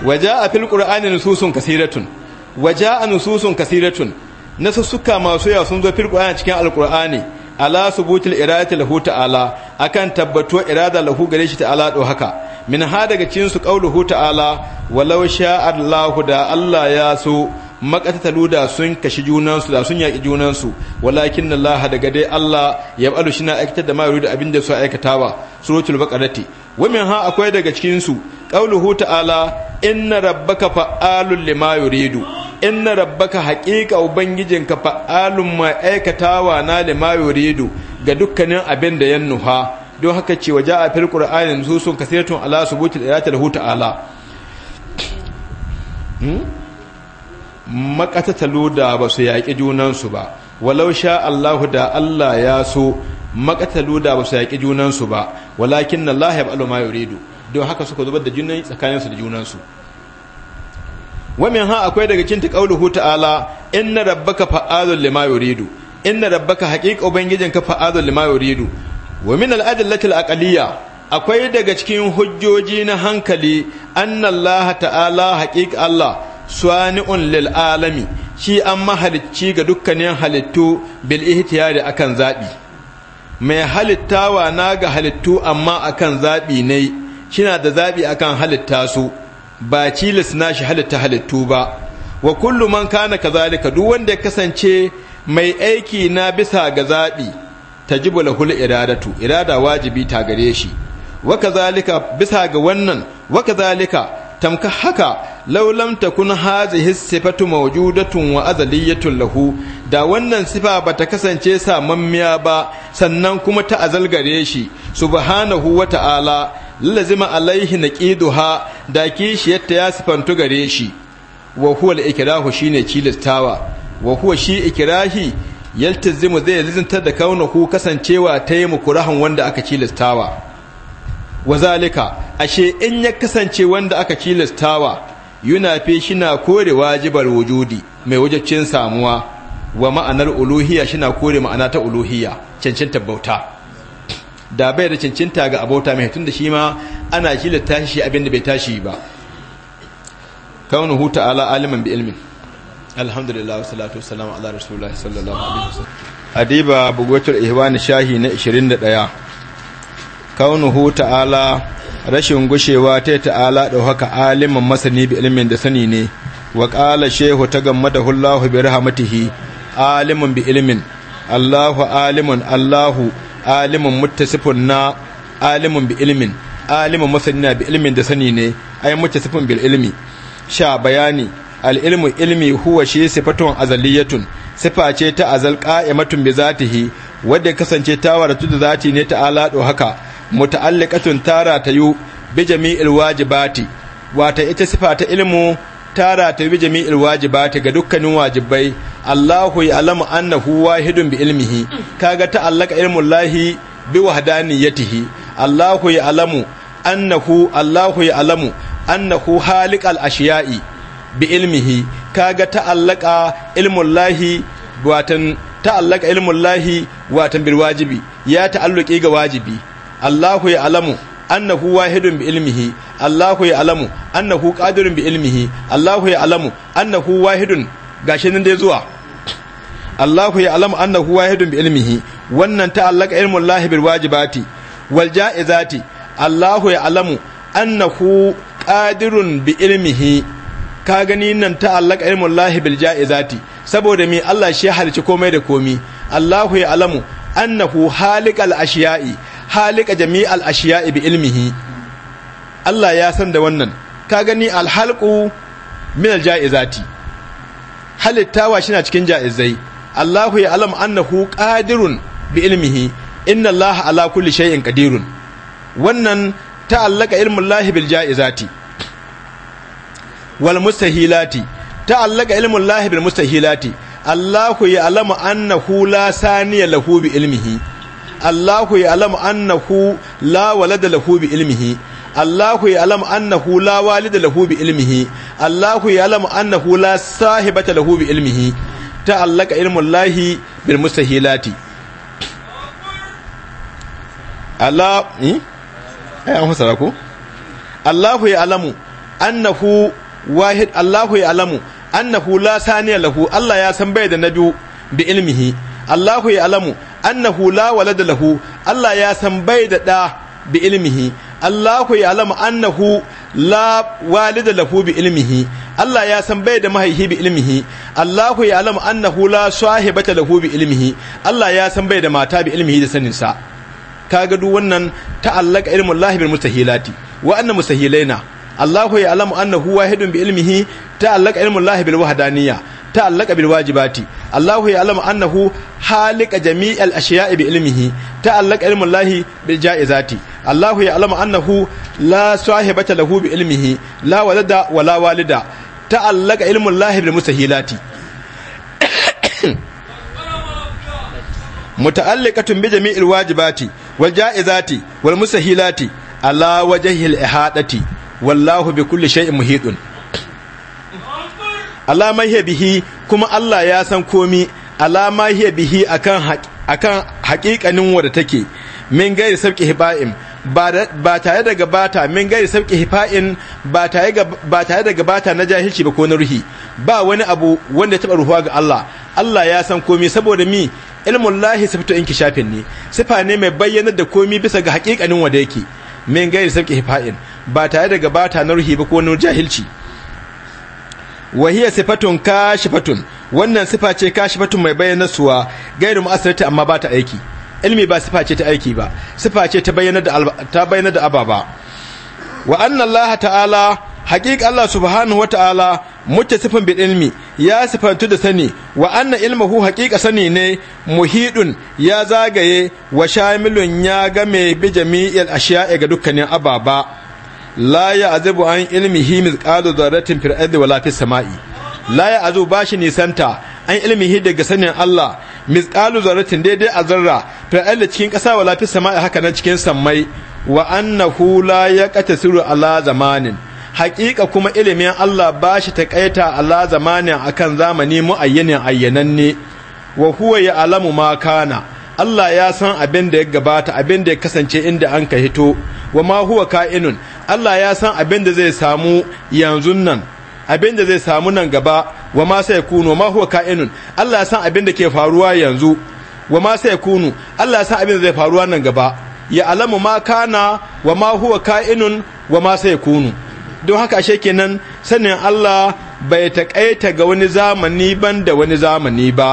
waje a fil ƙura'ani nususun kasiratun waje a nususun kasiratun nasu suka masu yawa sun zo fil ƙura'ani cikin alƙura'ani ala subutul iradati lahu ta'ala akan tabbato irada lahu gare shi ta'ala do haka min ha daga cikin su qauluhu ta'ala walau sha'a Allahu da Allah ya so makatatalu da sun kashi junansu da sun yaki junansu walakin Allah daga dai Allah ya balu shi na aikata da mayu da abin da su aikata ba suratul baqarati wa min ha akwai daga cikin su qauluhu ta'ala inna rabbaka fa'alul lima yuridu inna rabbaka haqiqa ubangijinka fa'alun ma aikatawa na lima yuridu ga dukkanin abin da ya don haka ce wa ja'a fil qur'ani nususun kasiratun ala subutul ayatul hu ta'ala hmm? makatatalu da ba su yaƙi junansu ba walau sha Allahu da Allah ya so makatalu da ba su yaƙi junansu ba walakin na Allah ya ma yuridu don haka suka zubar da junan tsakaninsu da junansu wamin ha akwai daga cinta qauluhu ta'ala inna rabbaka fa'alul lima yuridu inna rabbaka ubangijin ka fa'alul lima yuridu wa min al-adillati al-aqliyya akwai daga cikin hujjoji na hankali annallaha ta'ala haƙiƙa Allah swani'un lil alami shi an mahalicci ga dukkanin halittu bil ihtiyari akan zabi mai halittawa na ga halittu amma akan zabi ne shina da zabi akan halitta su ba cilis na shi halitta halittu ba wa kullu man kana kazalika duk wanda ya kasance mai aiki na bisa ga zabi tajibu lahul iradatu irada wajibi ta gare shi wa kazalika bisa ga wannan wa kazalika tamka haka laulam takun hazihi sifatu mawjudatun wa azaliyatun lahu da wannan sifa ta kasance samammiya ba sannan kuma ta azal gare shi subhanahu wa ta'ala lazima alaihi naqiduha da kishiyarta ya sifantu gare shi wa huwa al-ikrahu shine cilistawa wa huwa shi ikrahi yaltazimu zai lizintar da kaunahu kasancewa ta yi mukurahan wanda aka cilistawa wa zalika ashe in ya kasance wanda aka tilastawa yunafe shina kore wajibar wujudi mai wajabcin samuwa wa ma'anar uluhiyya shina kore ma'ana ta uluhiyya cancanta bauta da bai da cancanta ga abauta mai da shi ma ana tilasta shi abin da bai tashi ba huta ala aliman bi ilmin alhamdulillah salatu wassalamu ala rasulillah sallallahu alaihi wasallam adiba bugwatul ihwan shahi na 21 kaunuhu ta'ala rashin gushewa ta ta'ala da haka aliman masani bi ilimin da sani ne wa ƙala shehu ta gammada hullahu bi rahamatihi aliman bi ilimin allahu alimun allahu alimun muttasifun na alimun bi ilimin alimun masani na bi ilimin da sani ne ay muttasifun bil ilimi sha bayani al ilmu ilmi huwa shi sifatun azaliyatun sifa ce ta azal qa'imatun bi zatihi wadda kasance ta waratu da zati ne ta'ala do haka muta'alliqatun tara ta yu bi jami'il wajibati wata ita sifa ta ilmu tara ta bi jami'il wajibati ga dukkanin wajibai Allahu ya'lamu annahu wahidun bi ilmihi kaga ta'allaka ilmul lahi bi wahdaniyatihi Allahu ya'lamu annahu Allahu ya'lamu annahu haliqal ashiya'i bi ilmihi kaga allaka ilmul lahi watan ta'allaka ilmul lahi watan bil wajibi ya ta'alluki ga wajibi Allahu ya alamu annahu wahidun bi ilmihi Allahu ya alamu annahu qadirun bi ilmihi Allahu ya alamu annahu wahidun gashi nan dai zuwa Allahu ya alamu annahu wahidun bi ilmihi wannan ta'allaka ilmu Allah bil wajibati wal jaizati Allahu ya alamu annahu qadirun bi ilmihi ka gani nan ta'allaka ilmu Allah bil jaizati saboda me Allah shi halici komai da komi Allahu ya alamu annahu halikal ashiya'i halika jami'al ashiya'i ibi ilmihi Allah ya san da wannan ka gani alhalku min aljaizati halittawa shi na cikin jaizai Allahu ya alam annahu qadirun bi ilmihi inna Allah ala kulli shay'in qadirun wannan ta'allaka ilmun lahi bil jaizati wal mustahilati ta'allaka ilmun lahi bil mustahilati Allahu ya alam annahu la saniya lahu bi ilmihi Allahu ya alamu annahu la walada lahu bi ilmihi Allahu ya alamu annahu la walida lahu lahu bi ilmihi Allah ya alamu annahu la saniya lahu san bai da bi annahu la walada lahu Allah ya san bai da da bi ilmihi ku ya alamu annahu la walida lahu bi ilmihi Allah ya san bai da mahaihi bi ilmihi ku ya alamu annahu la sahibata lahu bi ilmihi Allah ya san bai da mata bi ilmihi da sanin sa kaga duk wannan ta'allaka ilmu Allah bil mustahilati wa anna mustahilaina Allahu ya alamu annahu wahidun bi ilmihi Allah bil wahdaniyya bil wajibati Allahu halika jami'al ashiya'i bi ilmihi ta'allaka ilmu Allah bil jaizati Allahu ya alamu ta'allaka ilmu bil jaizati wallahu bi kulli shay'in Allah alama hiya bihi kuma Allah ya san komi alama hiya bihi akan akan haƙiƙanin wadda take min gairi sabqi hiba'im ba tare da gabata min gairi sabqi hifa'in ba tare da gabata na jahilci ba ko na ruhi ba wani abu wanda taɓa ruhuwa ga Allah Allah ya san komi saboda mi ilmun lahi sifatu shafin ne sifa ne mai bayyana da komi bisa ga haƙiƙanin wanda yake min gairi sabqi hifa'in ba tare da gabata na ruhi ba ko wani jahilci wahiya sifatun kashifatun wannan sifa ce kashifatun mai bayyana suwa gairu mu'asirata amma ba ta aiki ilmi ba sifa ce ta aiki ba sifa ce ta bayyana da ta bayyana da ababa wa anna Allah ta'ala haqiqa Allah subhanahu wa ta'ala sifan bi ilmi ya sifantu da sani wa anna ilmuhu haqiqa sani ne muhidun ya zagaye wa shamilun ya game bi jami'il ashiya'i ga dukkanin ababa la ya azabu an ilmihi mithqalu dharratin fil ardi wala fis sama'i la ya azu bashi nisanta an ilmihi daga sanin Allah mithqalu dharratin daidai a zarra fil ardi cikin ƙasa wala fis sama'i haka nan cikin sammai wa annahu la yaqtasiru ala zamanin haƙiƙa kuma ilimin Allah bashi ƙaita ala zamanin akan zamani muayyanin ayyananne wa huwa ya'lamu ma kana Allah ya san abin da ya gabata abin da ya kasance inda an ka hito wa ma huwa ka'inun Allah ya san abin da zai samu yanzu nan abin da zai samu nan gaba wa ma sai kunu ma huwa ka'inun Allah ya san abin da ke faruwa yanzu wa ma sai kunu Allah ya san abin da zai faruwa nan gaba ya alamu ma kana wa ma huwa ka'inun wa ma sai kunu don haka ashe kenan sanin Allah bai taƙaita ga wani zamani ban da wani zamani ba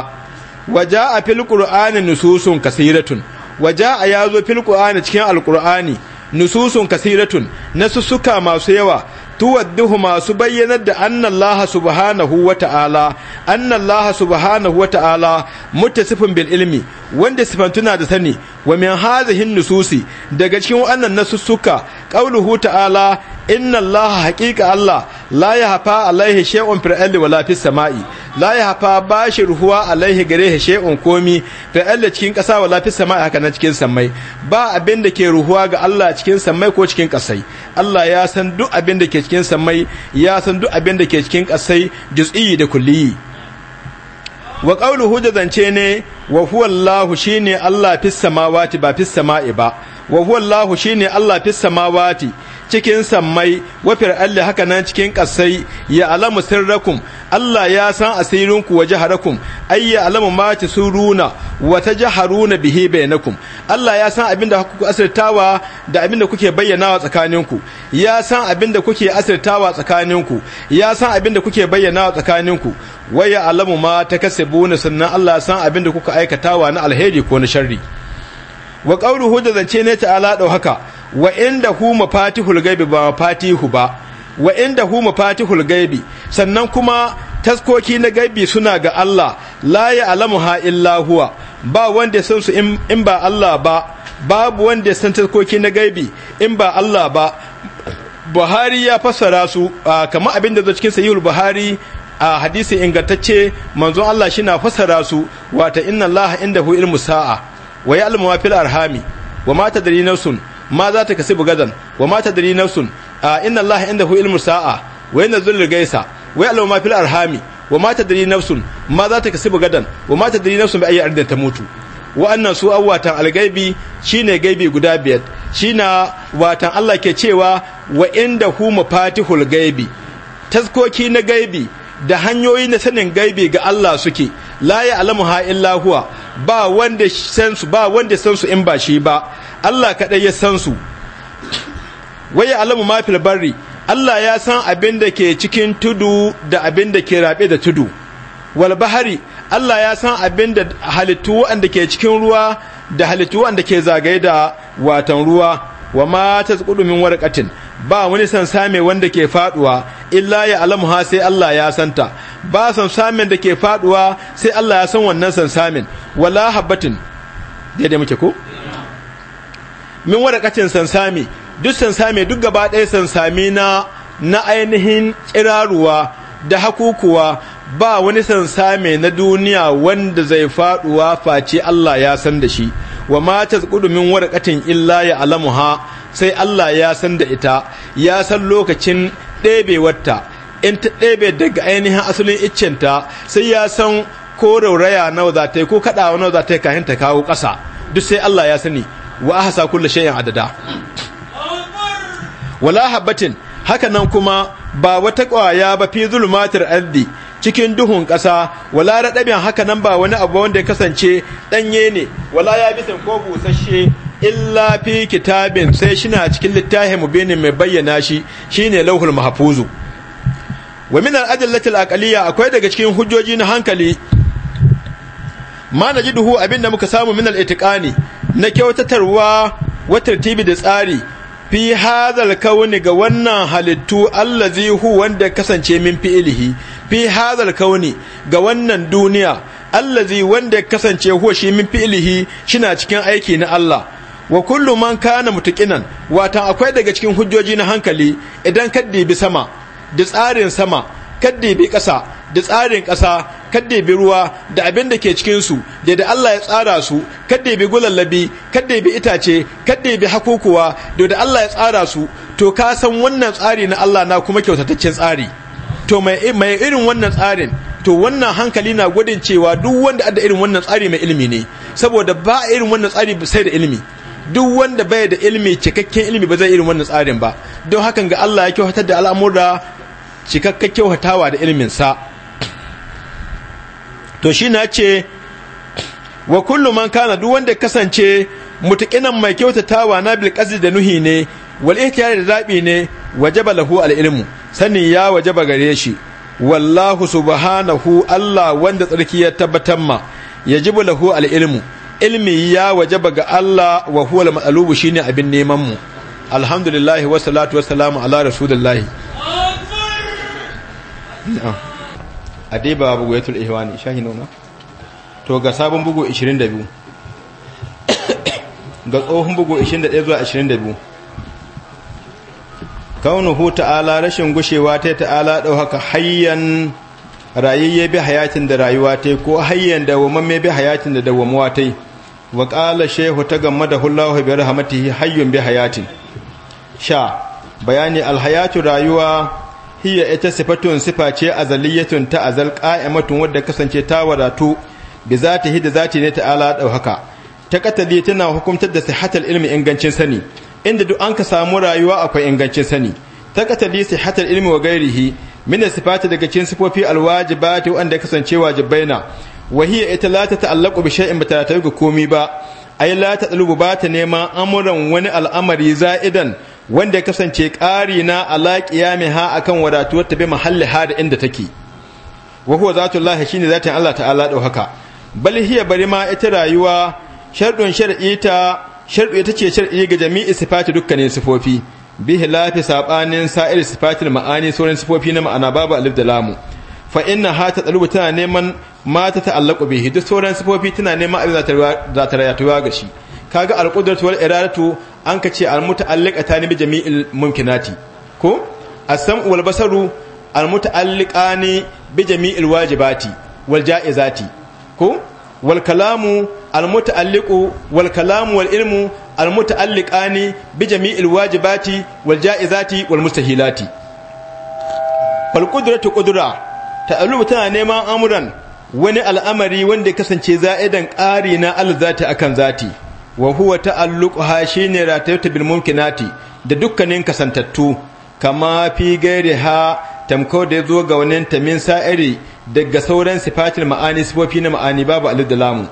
waja a fil qur'ani nususun kasiratun waja a yazo fil qur'ani cikin alqur'ani nususun kasiratun nasussuka masu yawa tuwadduhu masu bayyanar da annallaha subhanahu wa ta'ala annallaha subhanahu wa ta'ala muttasifin bil ilmi wanda sifantuna da sani wa min hazihin nususi daga cikin wannan nasussuka qauluhu ta'ala inna allaha haqiqa allah la yahfa alaihi shay'un fil ardi wala fis sama'i la yahfa bashi ruhuwa alaihi gare shay'un komi fil ardi cikin kasa wala fis sama'i haka na cikin sammai ba abin da ke ruhuwa ga allah cikin sammai ko cikin kasai allah ya san duk abin da ke cikin sammai ya san duk abin da ke cikin kasai juz'i da kulliyi wa qawluhu da zance ne wa huwallahu shine Allah fis samawati ba fis sama'i ba wa huwallahu shine Allah fis samawati cikin sammai wa Allah haka nan cikin kasai ya alamu sirrakum Allah ya san asirinku wa jaharakum ay ya alamu ma tasuruna wa tajharuna bihi bainakum Allah ya san abinda kuke asirtawa da abinda kuke bayyanawa tsakaninku ya san abinda kuke asirtawa tsakaninku ya san abinda kuke bayyana bayyanawa tsakaninku wa ya alamu ma takasibuna sannan Allah ya san abinda kuka aikatawa na alheri ko na sharri wa qawluhu da zance ne ta dau haka wa inda hu mafatihul gaibi ba mafatihu ba wa inda hu mafatihul gaibi sannan kuma taskoki na gaibi suna ga Allah la ha illa huwa ba wanda san su in ba Allah ba babu wanda san taskoki na gaibi in ba Allah ba Buhari ya fassara su kamar abin da zo cikin sahihul Buhari a hadisi ingantacce manzon Allah shi na fassara su wata inna Allah indahu ilmu sa'a wa ya'lamu ma fil arhami wa ma tadri nafsun ma za ta kasibu bugadan wa ma tadri nafsun inna allaha indahu ilmu sa'a wa inna dhulul gaisa wa ya'lamu ma fil arhami wa ma tadri nafsun ma za ta kasibu bugadan wa ma tadri nafsun bi ayi ardin tamutu wa'annan su awwatan algaibi shine gaibi guda biyar shine watan Allah ke cewa wa indahu mafatihul gaibi taskoki na gaibi da hanyoyi na sanin gaibe ga Allah suke la ya alamu ha illa huwa ba wanda san ba wanda san in ba shi ba Allah kadai ya san su wa ya alamu ma fil barri Allah ya san abin da ke cikin tudu da abin da ke rabe da tudu wal bahari Allah ya san abin da halittu wanda ke cikin ruwa da halittu wanda ke zagaye da watan ruwa wa ma tasqudu min warqatin ba wani san same wanda ke faduwa illa ya alamuha sai Allah ya santa ba san samen da ke faduwa sai Allah ya san wannan san samen wala habbatin daidai muke ko min kacin san same duk san same duk gaba ɗaya san same na na ainihin kiraruwa da hakukuwa ba wani san same na duniya wanda zai faduwa face Allah ya san da shi wa ma tazqudu min warqatin illa ya alamuha sai Allah ya san da ita ya san lokacin ɗebewarta in ta ɗebe daga ainihin asalin iccenta sai ya san ko rauraya nawa za ta yi ko kaɗawa nawa za ta yi kayan ta kawo ƙasa duk sai Allah ya sani wa aha sa kulle shayin adada wala habbatin hakanan kuma ba wata ƙwaya ba fi zulmatar ardi cikin duhun ƙasa wala raɗaɓin hakanan ba wani abu wanda ya kasance ɗanye ne wala ya bisa ko busasshe illa fi kitabin sai na cikin littafin mubinin mai bayyana shi shi ne lauhul mahafuzu wa min al akaliya akwai daga cikin hujjoji na hankali ma na ji duhu abinda muka samu min al na kyautatarwa watar tibi da tsari fi hazal kauni ga wannan halittu allazi hu wanda kasance min fi'ilihi fi hazal kauni ga wannan duniya allazi wanda kasance huwa shi min fi'ilihi shina cikin aiki na Allah wa kullu man kana mutaqinan watan akwai daga cikin hujjoji na hankali idan bi sama da tsarin sama bi ƙasa da tsarin ƙasa bi ruwa da abin da ke cikin su da da Allah ya tsara su kaddibi gulallabi bi itace bi hakukuwa da da Allah ya tsara su to ka san wannan tsari na Allah na kuma kyautataccen tsari to mai mai irin wannan tsarin to wannan hankali na gudun cewa duk wanda adda irin wannan tsari mai ilimi ne saboda ba irin wannan tsari sai da ilimi duk wanda bai da ilimi cikakken ilimi ba zai irin wannan tsarin ba don hakan ga Allah ya kyautar da al'amura cikakken kyautatawa da ilimin sa to shi na ce wa kullu man kana duk wanda kasance mutukinan mai kyautatawa na bil da nuhi ne wal ihtiyar da zabi ne wajaba lahu al ilmu sani ya wajaba gare shi wallahu subhanahu Allah wanda tsarki ya tabbatar ma yajibu lahu al ilmu ilmi ya wajaba ga Allah wa huwa al-matsalubu shine abin neman mu alhamdulillah wa salatu wa salamu ala rasulillah adeba bugu yatul ihwani shahi noma to ga sabon bugu 22 ga tsohon bugu 21 zuwa 22 kaunuhu ta'ala rashin gushewa ta ta'ala ɗaukaka hayyan rayayye bi hayatin da rayuwa ta ko hayyan da wamamme bi hayatin da dawamuwa ta wa ƙala shehu da Allahu bi rahmatihi hayyun bi hayatin sha bayani alhayatu rayuwa hiya ita sifatun sifa ce azaliyatun ta azal qa'imatun wadda kasance ta wadatu bi zatihi da zati ne ala haka ta katali tana hukumtar da sihatal ilmi ingancin sani inda duk an ka samu rayuwa akwai ingancin sani ta katali sihatal ilmi wa gairihi min sifati daga cikin sifofi alwajibati wanda kasance wajibaina wa hiya ita la ta ta'allaqu bi shay'in ba ta ga komai ba ai la ta dalubu ba ta nema amuran wani al'amari za'idan wanda ya kasance ƙari na mai ha akan wadatuwar ta bi mahalli ha da inda take wa huwa zatullahi shine zatin Allah ta'ala dau haka bal hiya bari ma ita rayuwa shardun shar'i ta ita ce shar'i ga jami'i sifati dukkanin sifofi bihi lafi sabanin sa'ir sifati ma'ani sauran sifofi na ma'ana babu alif da lamu fa inna ha ta tsarubu tana neman mata ta allaku bihi duk sauran sifofi tana neman abin za ta rayatuwa ga shi kaga alqudratu wal iradatu an ka ce almuta'alliqatani bi jami'il mumkinati ko as-sam'u wal basaru almuta'alliqani bi jami'il wajibati wal ja'izati ko wal kalamu almuta'alliqu wal kalamu wal ilmu almuta'alliqani bi jami'il wajibati wal ja'izati wal mustahilati fal qudratu qudra ta'allumu tana neman amuran wani al'amari wanda ya kasance za'idan ƙari na alzati akan zati wa huwa ha shine ratayta bil mumkinati da dukkanin kasantattu kama fi ha tamko da zo ga wannan tamin sa'iri daga sauran sifatil ma'ani sifofi na ma'ani babu alif da lamu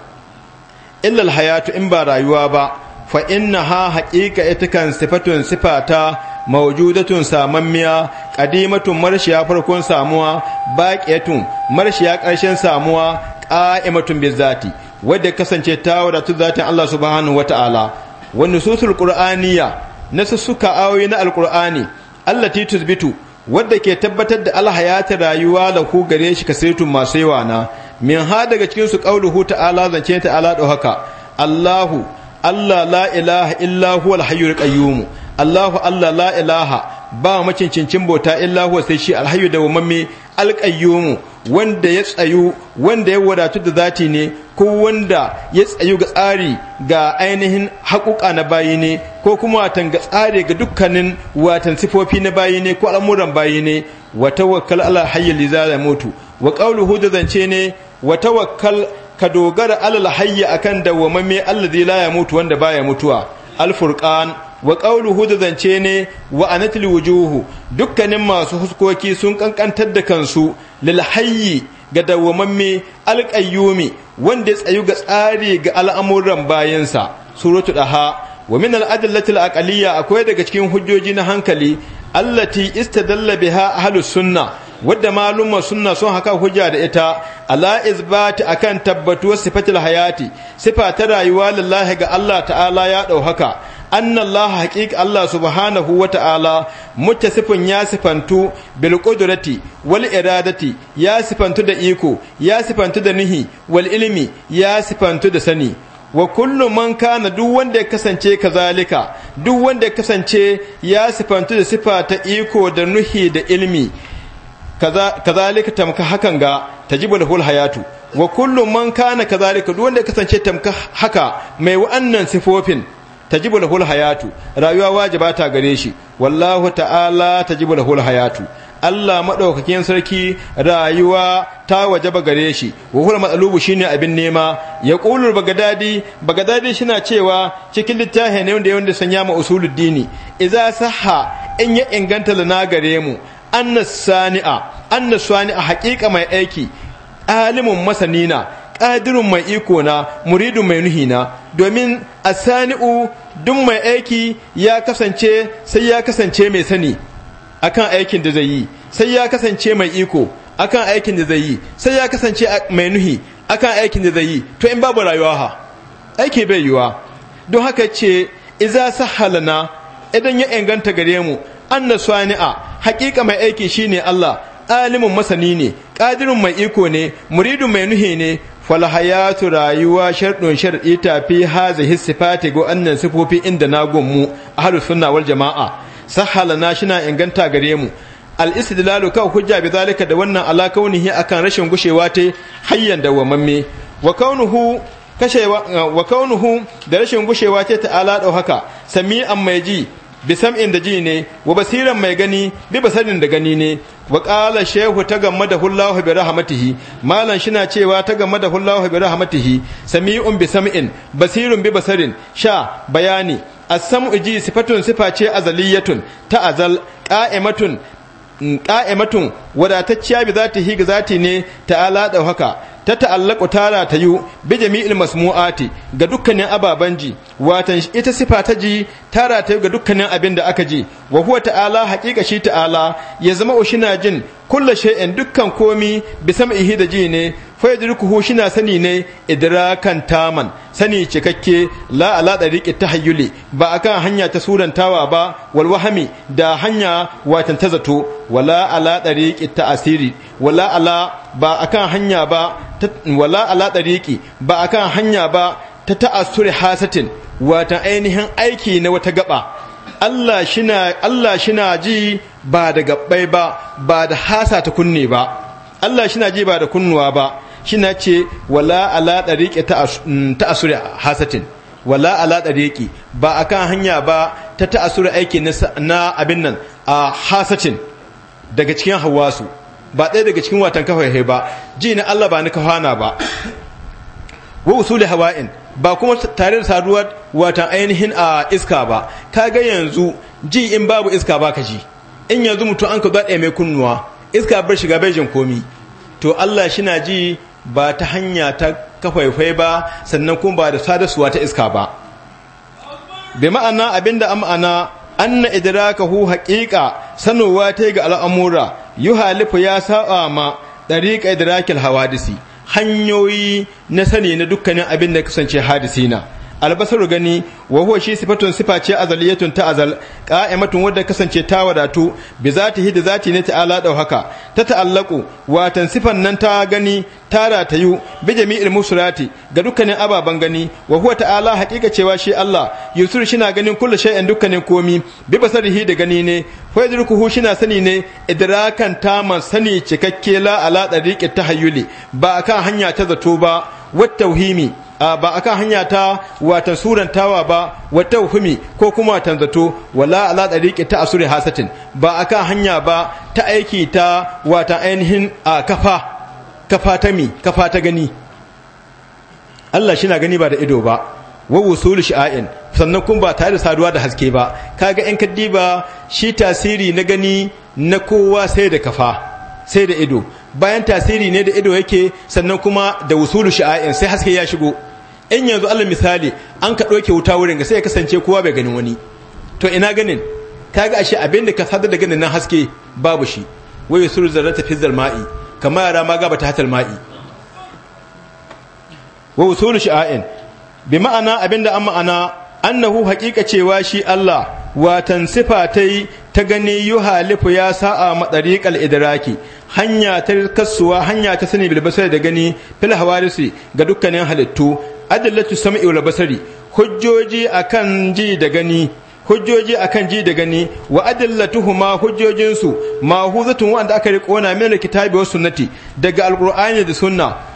illa hayatu in ba rayuwa ba fa innaha haqiqa ita kan sifatun sifata maujudatun samammiya qadimatun marshiya farkon samuwa baqiyatun marshiya ƙarshen samuwa qa'imatun bizati wadda kasance ta wadatu zatin Allah subhanahu wata'ala wa nususul qur'aniya nasu suka ayoyi na alqur'ani allati tuzbitu wadda ke tabbatar da alhayata rayuwa da ku gare shi kasaitun masu yawa na min ha daga cikin su qauluhu ta'ala zance ta'ala do haka Allahu Allah la ilaha illa huwal hayyul qayyum Allahu Allah la ilaha ba macincincin bauta illa huwa sai shi alhayyu da mamme alqayyumu wanda ya tsayu wanda ya wadatu da zati ne ko wanda ya tsayu ga tsari ga ainihin haƙuƙa na bayi ne ko kuma watan ga tsari ga dukkanin watan sifofi na bayi ne ko al'amuran bayi ne wa tawakkal ala hayyi li za mutu wa qawlu hu zance ne wa tawakkal ka dogara ala hayyi akan dawwamamme alladhi la yamutu wanda baya mutuwa al wa qawluhu da zance ne wa anatil wujuhu dukkanin masu huskoki sun kankantar da kansu lil hayyi ga dawwamamme alƙayyumi wanda tsayu ga tsari ga al'amuran bayansa suratu ɗaha wa min al-adillati al akwai daga cikin hujjoji na hankali allati istadalla biha ahlus sunna wadda malumma sunna sun haka hujja da ita ala isbati akan tabbatu sifatul hayati sifa ta rayuwa lillahi ga Allah ta'ala ya dau haka annallaha haqiqa Allah subhanahu wa wata'ala muttasifun ya sifantu bil qudrati wal iradati ya sifantu da iko ya sifantu da nihi wal ilmi ya sifantu da sani wa kullu man kana duk wanda ya kasance kazalika duk wanda ya kasance ya sifantu da sifa ta iko da nuhi da ilmi kazalika tamka hakan ga tajibu hul hayatu wa kullu man kana kazalika duk wanda ya kasance tamka haka mai wa'annan sifofin tajibu lahul hayatu rayuwa wajiba ta gare shi wallahu ta'ala tajibu lahul hayatu Allah maɗaukakin sarki rayuwa ta ba gare shi wa matsalubu shine abin nema ya qulul bagadadi bagadadi shina cewa cikin littafin ne wanda wanda sanya ma dini Iza saha. in ya inganta lana gare mu annas sani'a annas sani'a haqiqa mai aiki alimun masanina ƙadirin mai iko na muridun mai nuhina domin a sani'u duk mai aiki ya kasance sai ya kasance mai sani akan aikin da zai yi sai ya kasance mai iko akan aikin da zai yi sai ya kasance mai nuhi akan aikin da zai yi to in babu rayuwa ha aiki bai yiwa don haka ce iza sahalana idan ya inganta gare mu anna sani'a haƙiƙa mai aiki shine Allah alimin masani ne ƙadirin mai iko ne Muridun mai nuhi ne wal hayatu rayuwa shardun sharɗi ta fi haza sifati go annan sifofi inda na gummu ahlus sunna wal jama'a sahala na shina inganta gare mu al istidlalu ka hujja bi zalika da wannan ala wani akan rashin gushewa ta hayyan da wamamme wa kaunuhu kashewa wa kaunuhu da rashin gushewa ta ta'ala dau haka sami'an mai ji bi sam'in da ji ne wa basiran mai gani bi basarin da gani ne wa qala shehu ta gamma da hullahu bi rahmatihi malan shina cewa ta game da hullahu bi rahmatihi sami'un bi sam'in basirun bi basarin sha bayani as-sam'u ji sifatun sifa ce azaliyatun ta azal qa'imatun ƙa'imatun mm, wadatacciya bi zati hi ga zati ne ta'ala da haka ta ta'allaku ta ratayu bi jami'il masmu'ati ga dukkanin ababen ji watan ita sifa ta ji ta ratayu ga dukkanin abin da aka ji wa huwa ta'ala haqiqa shi ta'ala ya zama ushina jin kulla sha'in dukkan komi bi sam'ihi da ji ne fayyadurkuhu shi na sani ne idrakan taman sani cikakke la ala ɗariƙi ta hayyule ba akan hanya ta surantawa ba walwahami da hanya watan ta zato wala ala ɗariƙi ta asiri wala ala ba akan hanya ba wala ala ɗariƙi ba akan hanya ba ta ta'assuri hasatin watan ainihin aiki na wata gaba Allah shi Allah ji ba da gabbai ba ba da hasa ta kunne ba Allah shi na ji ba da kunnuwa ba kina ce wala ala dariqi mm, asuri hasatin wala ala dariqi ba kan hanya ba ta asuri aiki na abin nan a hasatin daga cikin hawasu ba ɗaya daga cikin watan kafai ba ji na Allah ba ni kafana ba wa usuli hawa'in ba kuma tare da saduwar watan ainihin a iska ba ka ga yanzu ji in babu iska ba ka ji in yanzu mutum an ka zaɗe mai kunnuwa iska bar shiga bai jin komi to Allah shi na ji ba ta hanya ta kafaifai ba sannan kuma ba da sadarsuwa ta iska ba bi ma'ana abin da an am'ana anna hu haƙiƙa sanowa ta ga al'amura yuhalifu ya saba ma dariqa idrakil hawadisi hanyoyi na sani na dukkanin abin da kasance hadisi na albasaru gani wa huwa shi sifatun sifa ce azaliyatun ta azal qa'imatun wadda kasance ta wadatu bi zati da zati ne ta'ala dau haka ta ta'allaku watan sifan nan ta gani ta ratayu bi jami'il musulati ga dukkanin ababan gani wa huwa ta'ala haqiqa cewa shi Allah shi shina ganin kullu shay'in dukkanin komi bi basarihi da gani ne fa yadrukuhu shina sani ne idrakan taman sani cikakke la ala dariqi tahayyuli ba akan hanya ta zato ba wat tauhimi ba a kan hanya ta watan surantawa ba wa hukumi ko kuma watan zato wala ala dariƙe ta asuri hasatin ba a kan hanya ba ta aiki ta watan ainihin a kafa kafa ta mi kafa ta gani Allah shi na gani ba da ido ba wa wusulu sha'in sannan kun ba tare da saduwa da haske ba kaga in ba, shi tasiri na gani na kowa sai da kafa sai da ido bayan tasiri ne da ido yake sannan kuma da wusulu sha'in sai haske ya shigo in yanzu alal misali an ka ɗauke wuta wurin ga sai ya kasance kowa bai gani wani to ina ganin kaga ashe abin da ka sadar da ganin nan haske babu shi wai suru zarrata fi zalma'i kamar yara ma gaba ta hatal ma'i wa usulu sha'in bi ma'ana abinda an ma'ana annahu haqiqa cewa shi Allah watan sifatai ta gani yuhalifu ya sa'a madariqal idraki hanya ta kasuwa hanya ta sani bil basari da gani fil hawarisi ga dukkanin halittu adallatu sam'i wal basari hujjoji akan ji da gani hujjoji akan ji da gani wa adallatuhuma hujjojinsu ma huzatun wanda aka riƙona min kitabi wa sunnati daga alqur'ani da sunna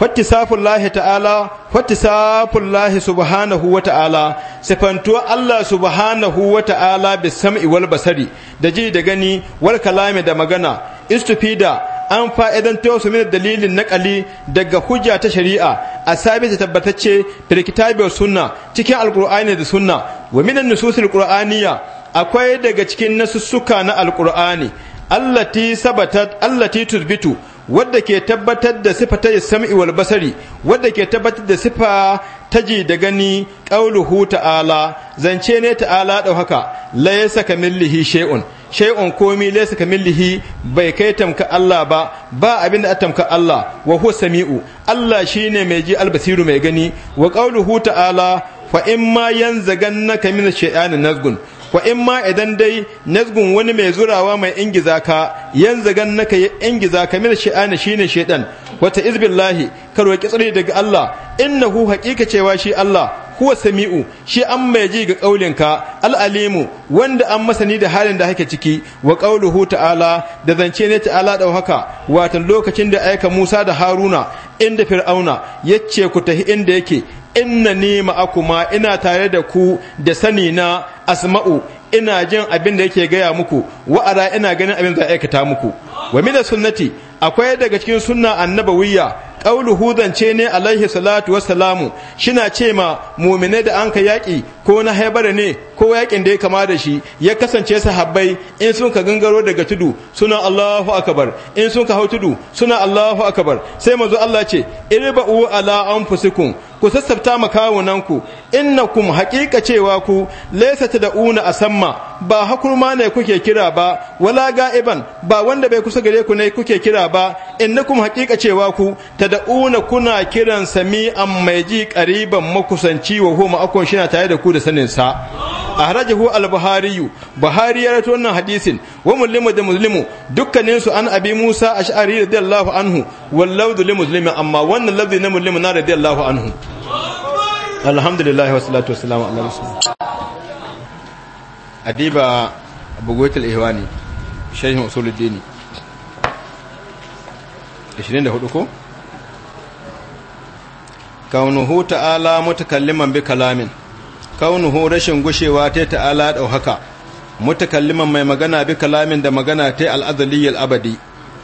fattisafullahi ta'ala fattisafullahi subhanahu wa ta'ala sifantuwa Allah subhanahu wa ta'ala bi sam'i wal basari da ji da gani wal kalami da magana istufida an fa'idan su min dalilin naƙali daga hujja ta shari'a a sabita tabbatacce da kitabi sunna cikin Alƙur'ani da sunna wa minan nususil ƙur'aniya? akwai daga cikin nasussuka na Alƙur'ani. allati sabatat allati tuzbitu wadda ke tabbatar da sifa ta sam'i wal basari wadda ke tabbatar da sifa ta ji da gani qauluhu ta'ala zance ne ta'ala ɗau haka laysa kamillihi shay'un shay'un komi laysa kamillihi bai kai tamka Allah ba ba abinda a tamka Allah wa huwa sami'u Allah shine mai ji albasiru mai gani wa qauluhu ta'ala fa imma yanzagannaka min shay'anin nazgun wa in ma idan dai nazgun wani mai zurawa mai ingiza ka yanzu gan naka ya ingiza ka mil shi'ana shine shedan wata izbillahi ka roki tsare daga Allah innahu haqiqa cewa shi Allah huwa sami'u shi an mai ji ga kaulinka al'alimu wanda an masani da halin da hake ciki wa qauluhu ta'ala da zance ne ta'ala da haka watan lokacin da aika Musa da Haruna inda Fir'auna yace ku tahi inda yake inna ni ma'akuma ina tare da ku da sani na asma'u ina jin abin da yake gaya muku wa'ara ina ganin abin da aikata muku wa min sunnati akwai daga cikin sunna annabawiyya qaulu ce ne alaihi salatu wassalamu shina ce ma mu'mine da an ka yaki ko na haibara ne ko yakin da ya kama da shi ya kasance sahabbai in sun ka gangaro daga tudu suna Allahu akbar in sun ka hau tudu suna Allahu akbar sai manzo Allah ce irba'u ala anfusikum ku sassafta makawunanku innakum haƙiƙa cewa ku da'una a samma, ba hakurma ne kuke kira ba wala ga'iban ba wanda bai kusa gare ku ne kuke kira ba innakum haƙiƙa cewa ku ta da'una kuna kiran sami'an mai ji ƙariban makusanci wa huwa akon shi na tare da ku da sanin sa ahrajahu al-buhari buhari ya rawaito wannan hadisin wa muslimu da muslimu dukkanin su an abi musa ash'ari radiyallahu anhu wal li muslimin amma wannan lafzi na mulimu na radiyallahu anhu alhamdulillah wasu salatu wasu salamu ala rasu adiba bugwaitul ihwani usulun dini 24 ko kaunuhu ta'ala mutakalliman bi kalamin kaunuhu rashin gushewa ta ta'ala haka. mutakalliman mai magana bi kalamin da magana ta al'adaliyyar abadi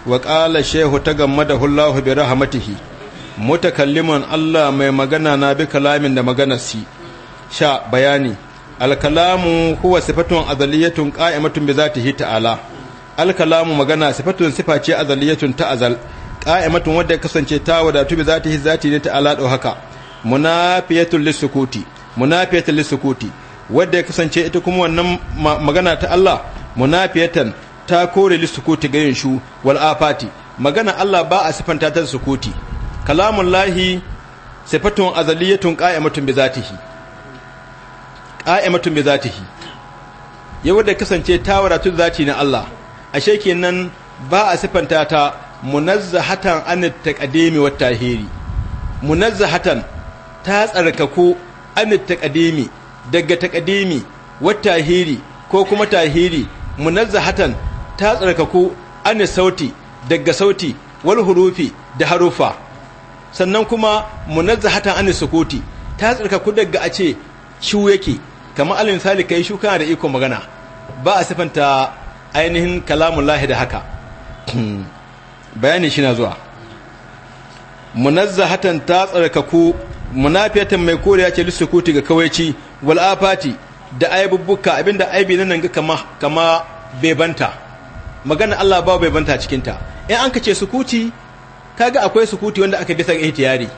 wa ƙala shehu ta gammada hullahu bi rahamatihi mutakalliman Allah mai magana na bi kalamin da magana si sha bayani alkalamu huwa sifatun azaliyatun qa'imatun bi zatihi ta'ala alkalamu magana sifatun sifa ce azaliyatun ta azal qa'imatun wadda kasance ta wadatu bi zatihi zati ne ta'ala do haka munafiyatul lisukuti munafiyatul lisukuti wadda kasance ita kuma wannan magana ta Allah munafiyatan ta kore lisukuti ga yin shu wal afati magana Allah ba a sifanta ta sukuti kalamun lahi sifatun azaliyatun ƙa'imatun bi zatihi ƙa'imatun bi zatihi yau da kasance ta wadatun zati na Allah ashe nan ba a sifanta ta hatan an wata heri munazza hatan ta tsarkaku an taqdimi daga taqdimi wata heri ko kuma tahiri hatan ta tsarkaku an sauti daga sauti wal hurufi da harufa sannan kuma hatan an sukuti ta tsirka ku ga a ce shu yake kama alin misali ya yi shuka da iko magana ba a sifanta ainihin kalamun lahi da haka hmm. bayani shi na zuwa hatan ta tsirka ku munafiyatan mai ya ce lissukuti ga kawaici wal'afati da aibubbuka abinda aibi nan ga kama kama bebanta magana Allah ba bebanta cikinta in an kace sukuti kaga akwai sukuti wanda aka bisa ihtiyari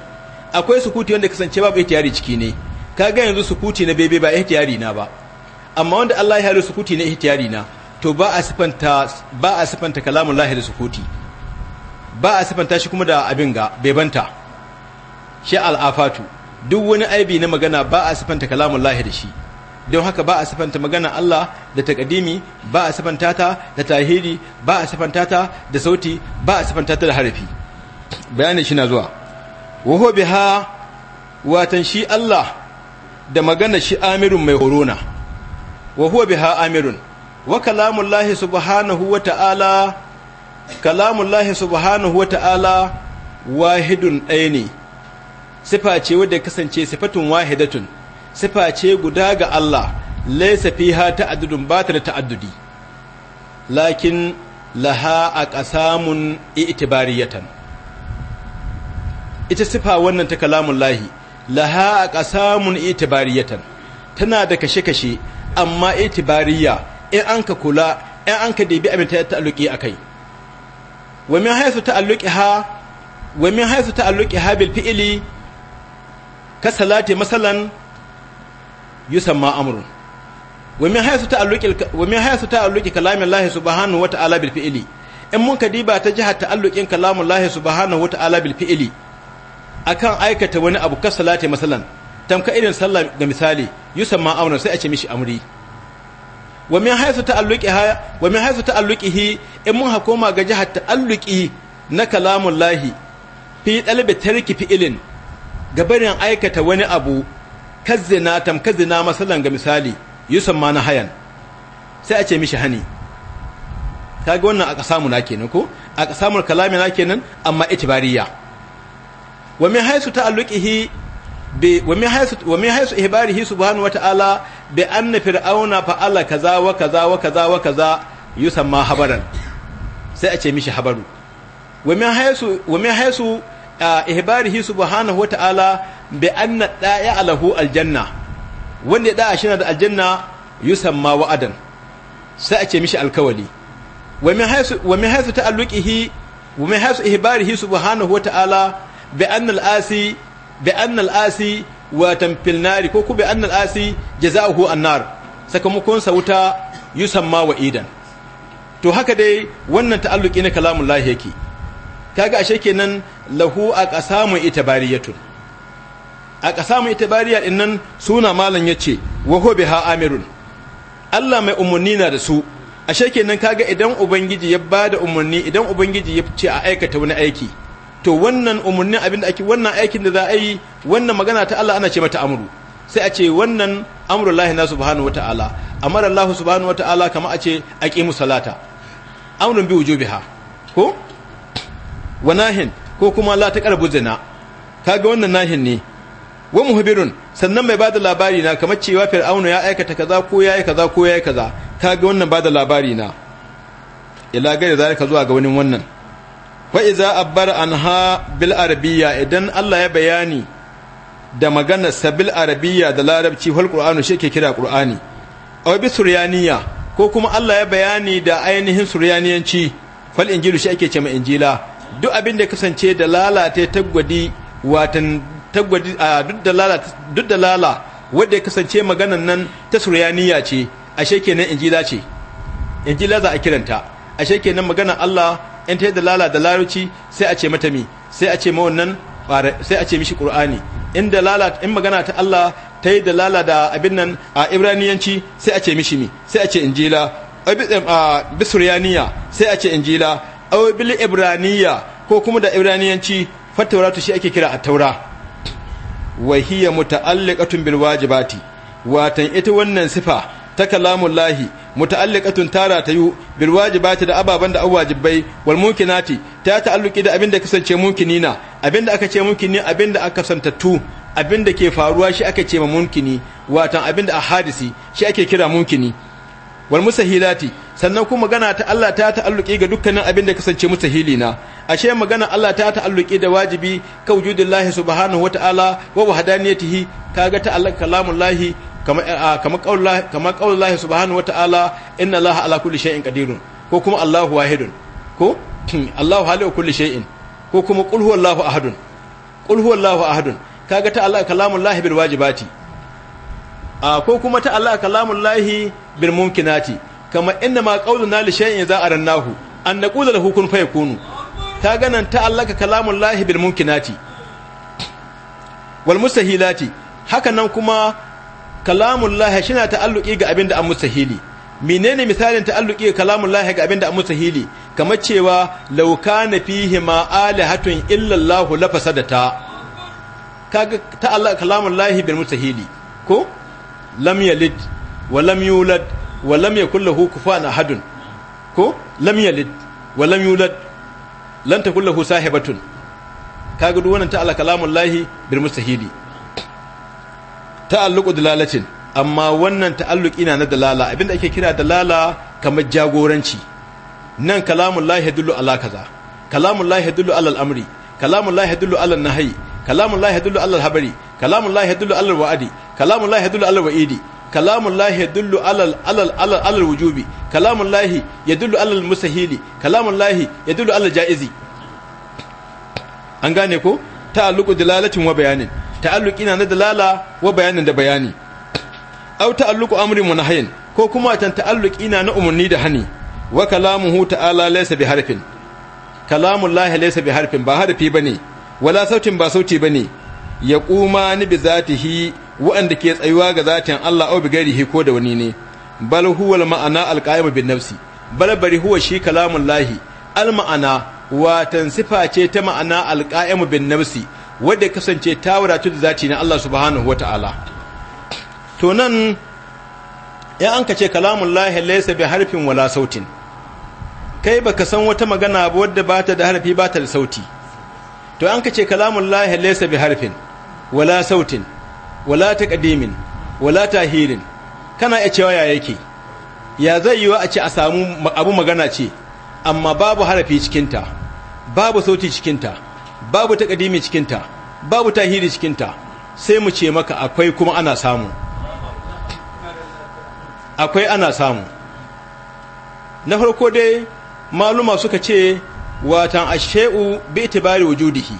akwai sukuti wanda kasance babu ihtiyari ciki ne kaga yanzu sukuti na bebe ba ihtiyari na ba amma wanda Allah ya halu sukuti na ihtiyari na to ba a sifanta ba a sifanta kalamun Allah da sukuti ba a sifanta shi kuma da abin ga bebanta shi al'afatu duk wani aibi na magana ba a sifanta kalamun Allah da shi don haka ba a sifanta magana Allah da takadimi ba a sifanta ta da tahiri ba a sifanta ta da sauti ba a sifanta ta da harafi bayanin shi na zuwa waho biha watan shi Allah da magana shi amirun mai horona waho biha amirun wa kalamullahi subhanahu wa ta'ala kalamullahi subhanahu wa ta'ala wahidun ɗaya ne sifa ce wadda kasance sifatun wahidatun sifa ce guda ga Allah laisa fiha ta'addudun ba ta da ta'addudi lakin laha a ƙasamun itibariyatan ita sifa wannan ta kalamun lahi laha a ƙasamun itibariyatan tana da kashe-kashe amma itibariya in an ka kula in an ka debi abin ta ta'alluki a kai wa min haisu ta'alluki ha haisu ta'alluki ha bil fi'ili ka salati masalan yusamma amrun wa min haisu ta'alluki wa kalamin lahi subhanahu wa ta'ala bil fi'ili in mun ka diba ta jihar ta'allukin kalamun lahi subhanahu wa ta'ala bil fi'ili akan aikata wani abu ka salati masalan tamka irin sallah ga misali yusamma auna sai a ce mishi amri wa min haythu ta'alluqiha wa min haythu ta'alluqihi in mun hakoma ga jihar ta'alluqi na kalamun lahi fi dalbi tarki fi'ilin gabarin aikata wani abu kazzina tamkazzina masalan ga misali yusamma na hayan sai a ce mishi hani kaga wannan a kasamu na kenan ko a kasamul kalami na kenan amma itibariya wa min haythu ta'alluqihi bi wa min haythu wa ta'ala bi anna habaran sai a mishi habaru wa min haythu wa min haythu ihbarihi subhanahu wa ta'ala bi anna wa'adan sai mishi wa min wa bi annal asi bi annal ko ku bi annal asi jazaohu annar sakamakon sa wuta yusamma wa idan to haka dai wannan ta'alluki na kalamun lahi yake kaga ashe kenan lahu aqsamu itabariyatun aqsamu itabariya din nan suna malam ya ce huwa biha amirun Allah mai umarni na da su ashe kenan kaga idan ubangiji ya bada umarni idan ubangiji ya ce a aikata wani aiki to wannan umarnin abin da ake wannan aikin da za a yi wannan magana ta Allah ana ce mata amru sai a ce wannan amru Allah na subhanahu ta'ala amara Allah subhanahu wa ta'ala kama a ce a aqimu salata amrun bi wujubiha ko wa nahin ko kuma la karbu zina kaga wannan nahin ne wa muhbirun sannan mai bada labari na kamar cewa fir'auna ya aikata kaza ko ya yi kaza ko ya yi kaza kaga wannan bada labari na ila gari zalika zuwa ga wani wannan fa iza abbar anha bil arabiyya idan Allah ya bayani da magana sabil arabiyya da larabci wal qur'anu shi ke kira qur'ani aw bi suryaniya ko kuma Allah ya bayani da ainihin suryaniyanci fal injilu shi ake ce ma injila duk abin da kasance da lalata tagwadi watan tagwadi duk da lalata duk da lala wanda ya kasance maganan nan ta suryaniya ce ashe kenan injila ce injila za a kiranta ashe kenan maganar Allah in ta yi dalala da larabci sai a ce mata mi sai a ce ma wannan sai a ce mishi qur'ani in dalala in magana ta Allah ta yi dalala da abin nan a ibraniyanci sai a ce mishi mi sai a ce injila a bisuriyaniya sai a ce injila aw bil ibraniya ko kuma da ibraniyanci fattauratu shi ake kira a taura wa hiya muta'alliqatun bil wajibati watan ita wannan sifa ta kalamullahi muta'alliqatun tara ta yu bil wajibati da ababan da awajibai wal mumkinati ta ta'alluki da abin kasance mumkini na abin aka ce mumkini abin aka santattu abin da ke faruwa shi aka ce ma mumkini watan abin da shi ake kira mumkini wal musahilati sannan kuma magana ta Allah ta ta'alluki ga dukkanin abin kasance musahili na ashe magana Allah ta ta'alluki da wajibi ka wujudillahi subhanahu wata'ala wa wahdaniyatihi kaga ta'allaka kalamullahi kamar ƙaunar eh, ah, subhanahu wa ta'ala inna laha ala kulli shay'in qadirun ko kuma Allahu wahidun ko Allahu haliku kulli shay'in ko kuma qul lahu ahadun qul lahu ahadun kaga ta Allah kalamun lahi bin wajibati a ah, ko kuma ta'ala Allah kalamul lahi bil mumkinati kama inna ma qauluna li shay'in idza arannahu an naqulu lahu kun fayakunu kaga nan ta Allah kalamun lahi bil mumkinati wal mustahilati haka nan kuma kalamullah shi na ta'alluki ga abin da an mustahili menene misalin ta'alluki ga kalamullah ga abin da an mustahili kama cewa law kana fihi ma alihatun illa allah la fasadata kaga ta'alla kalamullah mustahili ko lam yalid wa lam yulad wa lam yakul lahu na hadun ko lam yalid wa lam yulad lan takul lahu sahibatun kaga duk wannan ta'alla kalamullah bil mustahili ta'alluqu dalalatin amma wannan ta'alluqi na na dalala abinda ake kira dalala kamar jagoranci nan kalamun lahi yadullu ala kaza kalamun lahi yadullu ala al'amri kalamun lahi yadullu ala nahyi kalamun lahi yadullu ala al-habari kalamun lahi yadullu ala al-wa'di kalamun lahi yadullu ala al-wa'idi kalamun lahi yadullu alal alal alal al wujubi kalamun lahi yadullu alal mustahili kalamun lahi yadullu alal jaizi an gane ko ta'alluqu dalalatin wa bayanin ta'alluqi na dalala wa bayanin da bayani aw ta'alluqu amri wa ko kuma tan ta'alluqi na na umarni da hani wa kalamuhu ta'ala laysa bi harfin kalamullahi laysa bi harfin ba harfi bane wala sautin ba sauti bane ya kuma ni bi zatihi wa'anda ke tsayuwa ga zatin Allah aw bi gairihi ko da wani ne bal huwa al ma'ana al qa'im bin nafsi bal bari huwa shi kalamullahi al ma'ana watan sifa ce ta ma'ana al qa'im bin nafsi wadda ya kasance ta wadatu da zati na Allah subhanahu wata'ala to nan ya an kace kalamun lahi laisa bi harfin wala sautin kai ba ka san wata magana ba wadda ba ta da harfi ba ta da sauti to an kace kalamun lahi laisa bi harfin wala sautin wala ta ƙadimin, wala ta hirin kana iya cewa ya yake ya zai yiwa a ce a samu abu magana ce amma babu harafi cikinta babu sauti cikinta babu ta ƙadimi cikinta babu ta tahiri cikinta sai mu ce maka akwai kuma ana samu akwai ana samu na farko dai maluma suka ce watan ashe'u bi itibari wujudihi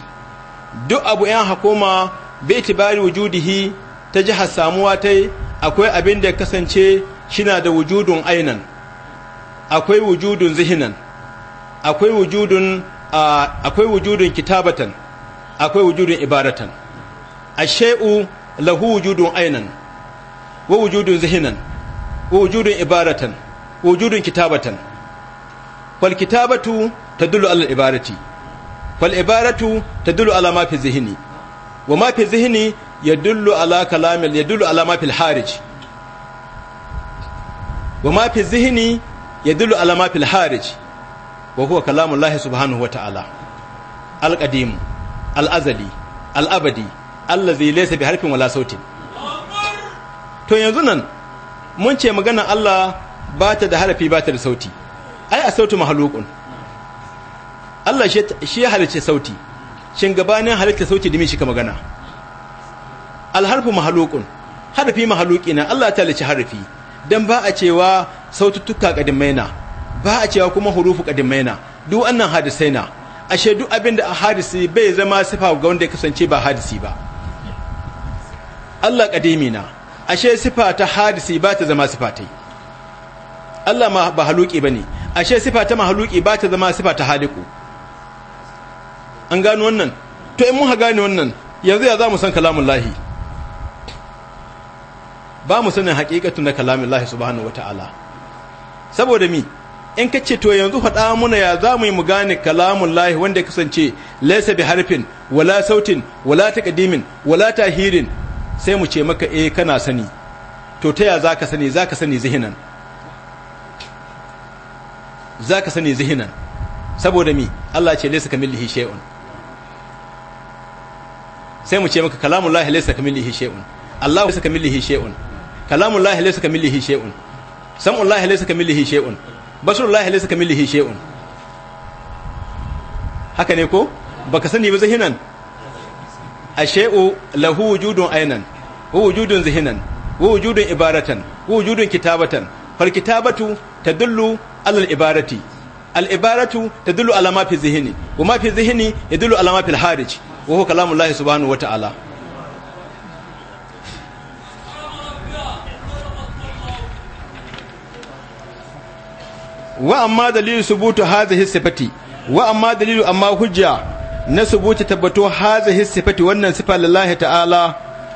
duk abu yan hakoma bi itibari wujudihi ta jihar samuwa ta akwai abin da kasance shina da wujudun ainan akwai wujudun zihinan akwai wujudun akwai wujudun kitabatan akwai wujudun ibadatan ashay'u lahu wujudun ainan wa wujudun zihinan wa wujudun ibadatan wa wujudun kitabatan fal kitabatu dulu ala ibadati fal ibadatu dulu ala mafi zihini wa mafi zihini ya dulu ala kalamil dulu ala mafi fil wa mafi zihini ya dulu ala mafi fil wa huwa kalamullahi subhanahu ta'ala alqadim alazali alabadi allazi laysa bi harfin wala sautin to yanzu nan mun ce magana Allah ba ta da harafi ba ta da sauti ai a sautu mahalukun Allah shi ya halice sauti shin gabanin halitta sauti dimi shi ka magana alharfu mahalukun harafi mahaluki na Allah ta halice harafi dan ba a cewa sautu tukka kadimai na ba a cewa kuma hurufu na duk wannan hadisai na ashe duk abin da a hadisi bai zama sifa ga wanda ya kasance ba hadisi ba Allah qadimi na ashe sifa ta hadisi ba ta zama sifa ta yi. Allah ma ba haluki a ashe sifa ta mahaluki ba ta zama sifa ta haliku an gano wannan to in muka gane wannan yanzu ya za mu san kalamun lahi ba mu sanin hakikatun na kalamun lahi subhanahu wata ala saboda mi in ka ce to yanzu faɗa muna ya za mu yi mu gane kalamun lahi wanda ya kasance laisa bi harfin wala sautin wala taqdimin wala tahirin sai mu ce maka eh kana sani to ta ya za ka sani za ka sani zihinan za ka sani zihinan saboda mi Allah ce laisa lihi shay'un sai mu ce maka kalamun lahi laisa kamillihi shay'un Allah laisa lihi shay'un kalamun lahi laisa lihi shay'un sam'un lahi laisa kamilihi shay'un basharullahi laysa kamilihi shay'un haka ne ko baka sani ba zahinan ashay'u lahu wujudun aynan wa wujudun zahinan wa wujudun ibaratan wa wujudun kitabatan fal kitabatu tadullu ala al-ibarati al-ibaratu tadullu ala ma fi zihni wa ma fi zihni yadullu ala ma fi al-harij wa huwa kalamullahi subhanahu wa ta'ala wa amma dalilu subutu hadhihi sifati wa amma dalilu amma hujja na subuti tabbato hadhihi sifati wannan sifa lillahi ta'ala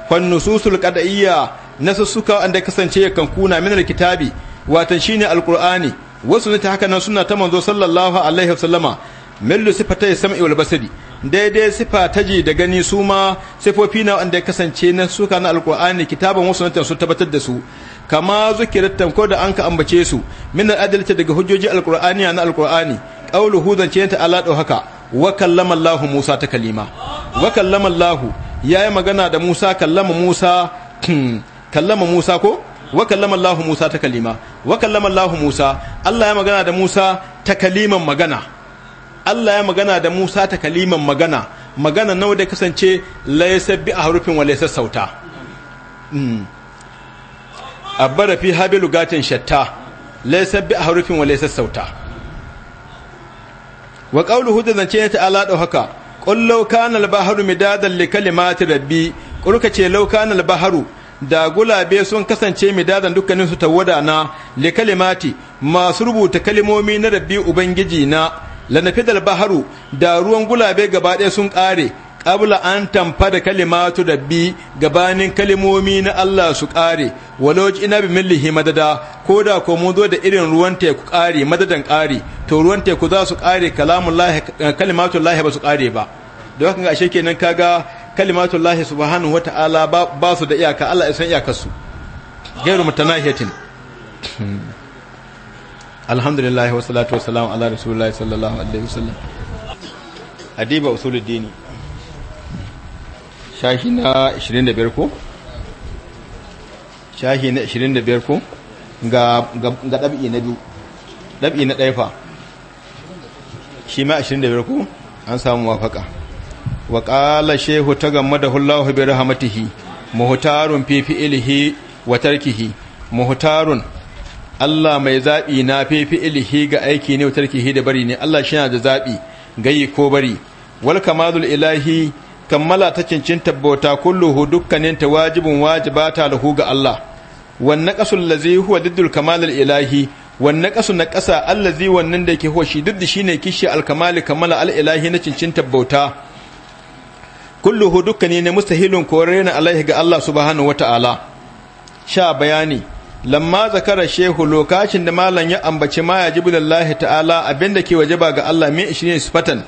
fan nususul qad'iyya nasu suka wanda kasance kan kuna min alkitabi watan shine alqur'ani wasu ta haka nan suna ta manzo sallallahu alaihi wasallama millu sifatai sam'i wal basari daidai sifa taji da gani su ma sifofi na wanda ya kasance na suka na alkur'ani kitaban wasu nan su tabbatar da su kama zukirattan ko da an ka ambace su min adalci daga hujjoji alqur'aniya na alqur'ani qawlu hudan ce ta ala do haka wa kallama Allahu Musa ta kalima wa kallama Allahu yayi magana da Musa kallama Musa kallama Musa ko wa kallama Allahu Musa ta kalima wa kallama Allahu Musa Allah ya magana da Musa ta kaliman magana Allah ya magana da Musa ta kaliman magana magana nawa da kasance laysa bi a harufin wa laysa sauta hmm. abbara fi habi lugatin shatta laisabbi bi harufin wa laysa sauta wa qawluhu da zance ta ala da haka qul law kana al bahru midadan li kalimati rabbi kurka ce law kana al da gulabe sun kasance midadan dukkanin su tawada na li kalimati masu rubuta kalimomi na rabbi ubangiji na lanafidal baharu da ruwan gulabe gaba ɗaya sun ƙare qabla an da kalimatu rabbi gabanin kalimomi na Allah su kare walau ina bi millihi madada ko da ko mun zo da irin ruwan teku kare madadan kare to ruwan teku za su kare kalimatu lahi ba su kare ba da haka ga kenan kaga lahi subhanahu wataala ba su da iyaka Allah ya san iyakar su gairu mutanahiyatin alhamdulillah wa salatu wa salam ala rasulillah sallallahu alaihi wasallam adiba usuluddin shahi na 25 ko shahi na 25 ko ga ga dab'i na biyu dab'i na daifa shi ma 25 ko an samu wafaka wa qala shehu da Allahu bi rahmatihi muhtarun fi fi'lihi wa tarkihi muhtarun Allah mai zaɓi na fifi ilihi ga aiki ne wa tarkihi da bari ne Allah shi na da zaɓi gayi ko bari wal kamadul ilahi kammala ta cincinta bauta kulluhu dukkanin ta wajibin ta lahu ga Allah wannan qasul lazi huwa diddul kamal ilahi wannan kasu na kasa allazi wannan da yake huwa shi diddi shine kishi al kamal kamala al ilahi na cincinta bauta kulluhu dukkanin mustahilun rena alaihi ga Allah subhanahu wataala sha bayani lamma zakara shehu lokacin da malam ya ambaci ma yajibu lillahi ta'ala abinda ke wajaba ga Allah min 20 sifatan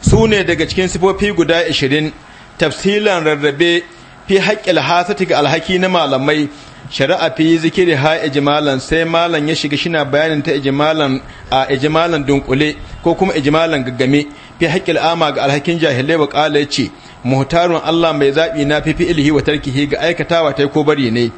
su ne daga cikin sifofi guda 20 tafsilan rarrabe fi haƙƙil hasati ga alhaki na malamai shari'a fi zikiri ha ijimalan sai malam ya shiga shina bayanin ta ijimalan a ijimalan dunkule ko kuma ijimalan gaggame fi haƙƙil ama ga alhakin jahilai wa ƙala ce muhtarun Allah mai zaɓi na fi ilhi wa tarkihi ga aikatawa ta ko bari ne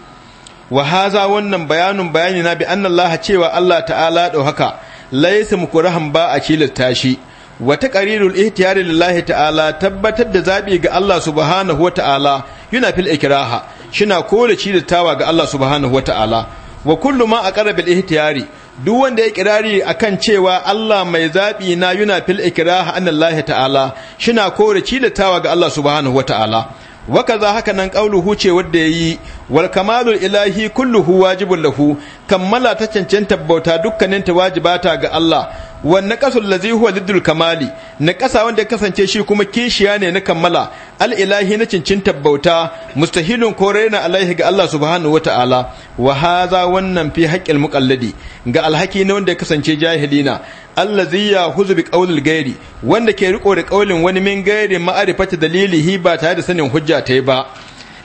wa haza wannan bayanin bayani na bi annallaha cewa Allah ta'ala ɗau haka laysa mukurahan ba a cilasta shi wa taqrirul ihtiyari lillahi ta'ala tabbatar da zaɓi ga Allah subhanahu ta'ala yana fil ikraha shina kore ci da tawa ga Allah subhanahu ta'ala wa kullu ma aqara bil ihtiyari duk wanda ya kirari akan cewa Allah mai zaɓi na yana fil ikraha anallahi ta'ala shina kore ci da tawa ga Allah subhanahu ta'ala wa kaza haka nan qauluhu ce wanda yayi wal kamalul ilahi kulluhu wajibun lahu kammala ta cancanta bauta dukkanin ta wajibata ga Allah wan naqasul ladhi huwa lidul kamali naqasa wanda kasance shi kuma kishiya ne na kammala al ilahi na cancanta bauta mustahilun korena alaihi ga Allah subhanahu wataala wa hadha wannan fi haqqil muqallidi ga alhaki ne wanda kasance jahilina allazi ya huzu bi qaulil gairi wanda ke riko da qaulin wani min gairi ma'arifata dalilihi ba tare da sanin hujja ta ba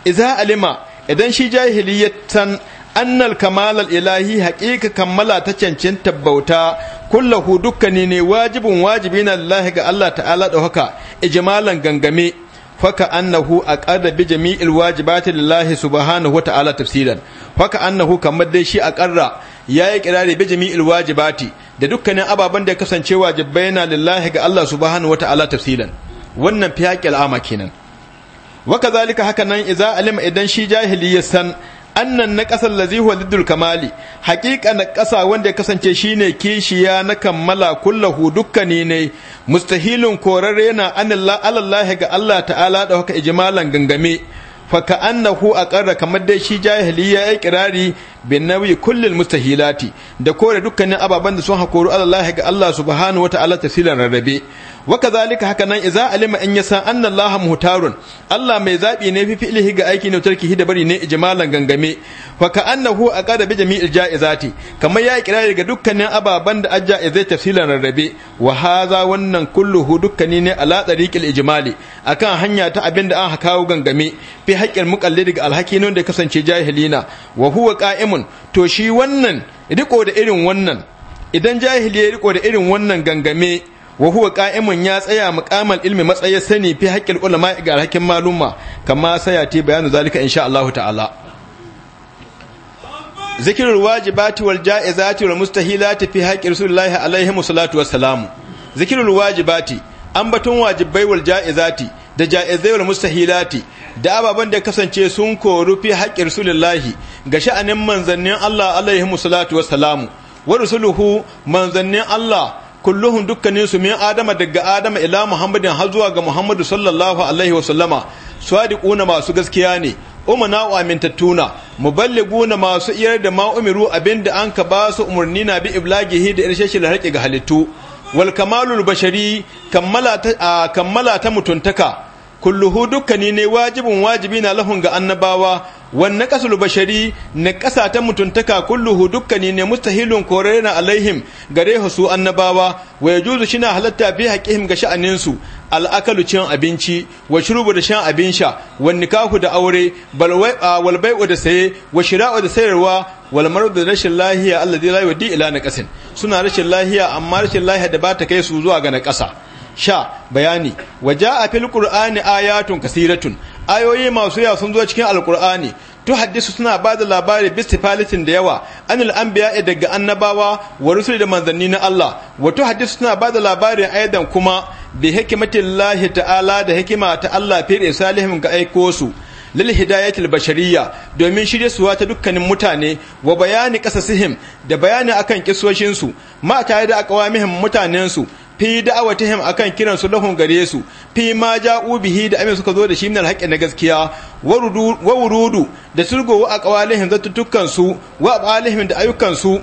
idza alima idan shi jahili ya san annal kamalal ilahi haƙiƙa kammala ta cancanta bauta kullahu dukkani ne wajibin wajibi na lillahi ga Allah ta'ala da haka ijmalan gangame faka annahu aqarra bi jami'il wajibati lillahi subhanahu wa ta'ala tafsilan faka annahu kamar dai shi a ya yi kirari bi jami'il wajibati da dukkanin ababen da ya kasance wajibai na lillahi ga Allah subhanahu wa ta'ala tafsilan wannan fi haƙƙil ama kenan waka zalika haka nan idza alima idan shi jahili ya san annan na ƙasar lazi walidul kamali haƙiƙa na ƙasa wanda ya kasance shine kishiya na kammala kullahu dukkani ne mustahilun korarre na anillah alallahi ga Allah ta'ala da haka ijmalan gangame fa annahu aqarra kamar dai shi jahiliya ya kirari bin nawi kullul mustahilati da kore dukkanin ababen da sun hakuru alallahi ga Allah subhanahu wa ta'ala tasilan rarrabe wakazalika zalika haka nan iza alima in yasa anna Allah muhtarun Allah mai zabi ne fi fi'lihi ga aiki ne tarkihi da bari ne ijmalan gangame fa ka annahu aqada bi jami'il jaizati kamar ya kira daga dukkanin ababan da ajjaizai tafsilan rarrabe wa hadha wannan kulluhu dukkani ne ala tariqil ijmali akan hanya ta abin da an kawo gangame fi haqqil muqallid ga alhaki ne da kasance jahilina wa huwa qa'imun to shi wannan riko da irin wannan idan jahili ya riko da irin wannan gangame wa huwa qa'imun ya tsaya muqamal ilmi matsayin sani fi haqqil ulama ga alhakin maluma kama sayati bayanu zalika insha Allah ta'ala zikrul wajibati wal ja'izati wal mustahilati fi haqqi rasulillahi alaihi wasallatu wassalamu zikrul wajibati ambatun wajibai wal ja'izati da ja'izai wal mustahilati da ababan da kasance sun koru fi haqqi rasulillahi ga sha'anin manzannin Allah alaihi wasallatu wassalamu wa rusuluhu manzannin Allah kulluhun dukkanin su min adama daga adama ila muhammadin har zuwa ga muhammadu sallallahu alaihi wa sallama sadiquna masu gaskiya ne umana wa amintattuna muballiguna masu iyar da ma'umiru abinda an ka ba su umarni na bi iblagihi da irshashi da harƙi ga halittu wal kamalul bashari kammala ta mutuntaka kulluhu dukkani ne wajibin wajibi na lahun ga annabawa wanne kasul bashari na kasa ta mutuntaka kulluhu dukkani ne mustahilun korena alaihim gare su annabawa wa yajuzu shina halatta fi haƙihim ga sha'anin su al'akalu cin abinci wa shurubu da shan abin sha wa nikahu da aure wal bai'u da saye wa shira'u da sayarwa wal marud da rashin lahiya alladhi la yudi ila naqasin suna rashin lahiya amma rashin lahiya da ba ta kai su zuwa ga na sha bayani waja a fil qur'ani ayatun kasiratun ayoyi masu yawa sun zo cikin alkur'ani tu hadisi suna ba da labari bistifalitin da yawa anil anbiya daga annabawa wa rusul da manzanni na Allah wa tu suna ba da labarin aidan kuma bi hikimatillahi ta'ala da hikima ta Allah fi risalihim ga aiko su lil hidayatil bashariyya domin shirye suwa ta dukkanin mutane wa bayani kasasihim da bayani akan kisoshin su ma tare da aqwamihim mutanen su fi da'awatihim akan kiran su lahum gare su fi ma ja'u bihi da amin suka zo da shi minal haqqi na gaskiya wa wurudu da surgo wa aqwalihim zattukan su wa abalihim da ayyukan su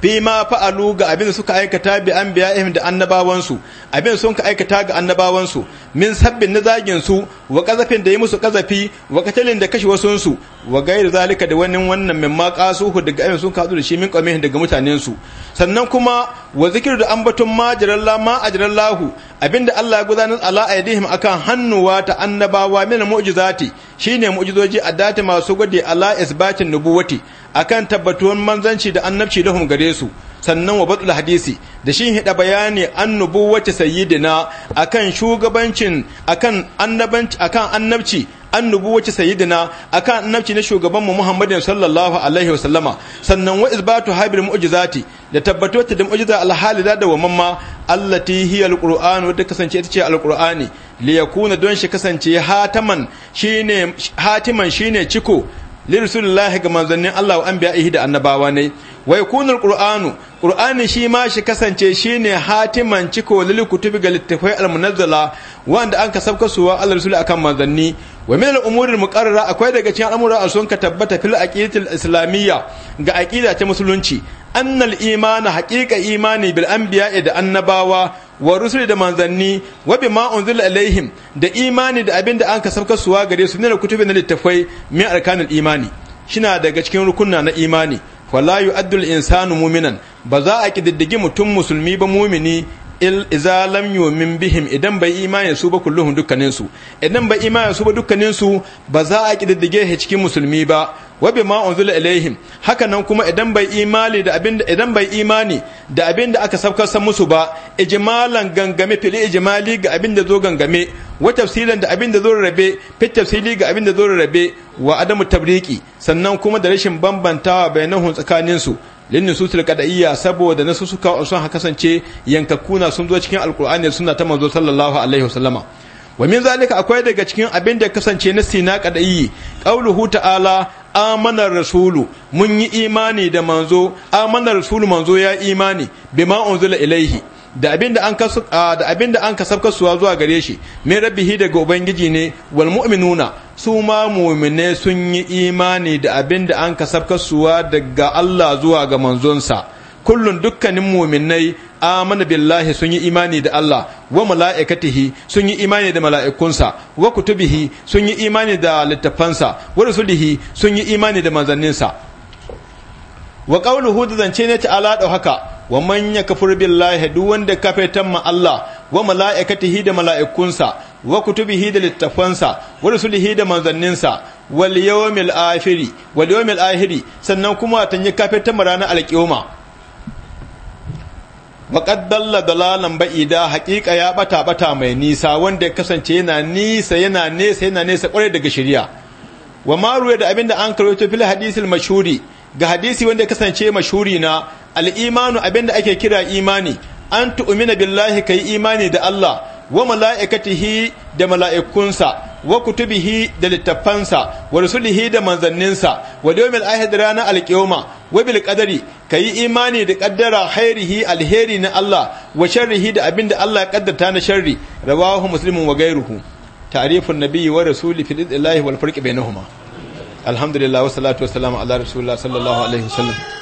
Fima fa'alu ga abin suka aikata bi an biya ihim da annabawansu abin sun ka aikata ga annabawansu min sabbin na zagin su wa kazafin da yi musu kazafi wa katalin da kashe wasu su wa gairu zalika da wani wannan min ma qasuhu daga abin sun kazu da shi min qamihin daga mutanen su sannan kuma wa zikiru da ambaton ma ma ajrallahu abinda Allah ya gudanar ala aidihim akan hannuwa ta annabawa min mu'jizati shine mu'jizoji addati masu gode ala isbatin nubuwati akan tabbatuwan manzanci da annabci lahum gare su sannan wa batul hadisi da shin hida bayani annubu wace sayyidina akan shugabancin akan annabanci akan annabci annubu wace sayyidina akan annabci na shugaban mu Muhammadin sallallahu alaihi wasallama sannan wa isbatu habil mu'jizati da tabbato da mu'jiza alhalida da wamma allati hiya alquran wata kasance ita ce alqurani li yakuna don shi kasance hataman shine hatiman shine ciko li rasulillahi ga manzannin Allah wa ihi da annabawa ne wa yakunu alqur'anu qur'ani shi ma shi kasance shi ne hatiman ciko lil kutubi ga littafai almunazzala wanda an ka sabka suwa Allah rasul akan manzanni wa min al'umuri umuri muqarrara akwai daga cikin al'amura sun ka tabbata fil aqidatil islamiyya ga aqida ta musulunci annan imana haƙiƙa imani bil anbiya da annabawa wa rusuli da manzanni wa bima unzila alaihim da imani da abin da an ka sabka suwa gare su ne da kutubi na littafai min arkanul imani shina daga cikin rukunna na imani wala yu'addu al insanu mu'minan ba za a kididdigi mutum musulmi ba mu'mini il iza lam yu'min bihim idan bai imani su ba kulluhum dukkanin su idan bai imani su ba dukkanin su ba za a kididdige cikin musulmi ba wa bima unzila ilaihim haka nan kuma idan bai imani da abin idan bai imani da abin da aka sabkar san musu ba ijmalan gangame fil ijmali ga abin da zo gangame wa tafsilan da abin da zo rabe fit tafsili ga abin da zo rabe wa adamu tabriki sannan kuma da rashin bambantawa bainahum tsakanin su linnin sutul qada'iyya saboda nasu suka sun ha kasance yankakuna sun zo cikin alqur'ani sunna ta manzo sallallahu alaihi wasallama wa min zalika akwai daga cikin abin da kasance na sina qada'iyyi qauluhu ta'ala amanar rasulu mun yi imani da manzo amanar rasulu manzo ya imani bima unzila ilaihi da abinda an kasu da abinda an kasabka suwa zuwa gare shi me rabbihi daga ubangiji ne wal mu'minuna su ma mu'mine sun yi imani da abinda an kasabka suwa daga Allah zuwa ga manzonsa kullun dukkanin muminai amana billahi sun yi imani da Allah wa mala'ikatihi sun yi imani da mala'ikunsa wa kutubihi sun yi imani da littafansa wa rusulihi sun yi imani da manzanninsa wa qawluhu da zance ne ta'ala da haka wa man yakfur billahi duk wanda kafirtan ma Allah wa mala'ikatihi da mala'ikunsa wa kutubihi da littafansa wa rusulihi da manzanninsa wal yawmil akhiri wal yawmil akhiri sannan kuma tan yi kafirtan ranar alkiyama faƙad dalla dalalan ba'ida haƙiƙa ya ɓata bata mai nisa wanda ya kasance yana nisa yana nesa yana nesa ƙwarai daga shari'a wa maruwa da abinda an karwato fil hadisil mashuri ga hadisi wanda ya kasance mashuri na al'imanu abinda ake kira imani an tu'mina billahi yi imani da Allah wa mala'ikatihi da mala'ikunsa wa kutubihi da littafansa wa rusulihi da manzanninsa wa yawmil ahad ranar alqiyama wa bil qadari kayi imani da qaddara khairihi alheri na Allah wa sharrihi da abinda Allah ya kaddarta na sharri rawahu muslimun wa gairuhu ta'rifun nabiyyi wa rasuli fil illahi wal farq bainahuma alhamdulillah wa salatu wa salam ala rasulillah sallallahu alaihi wasallam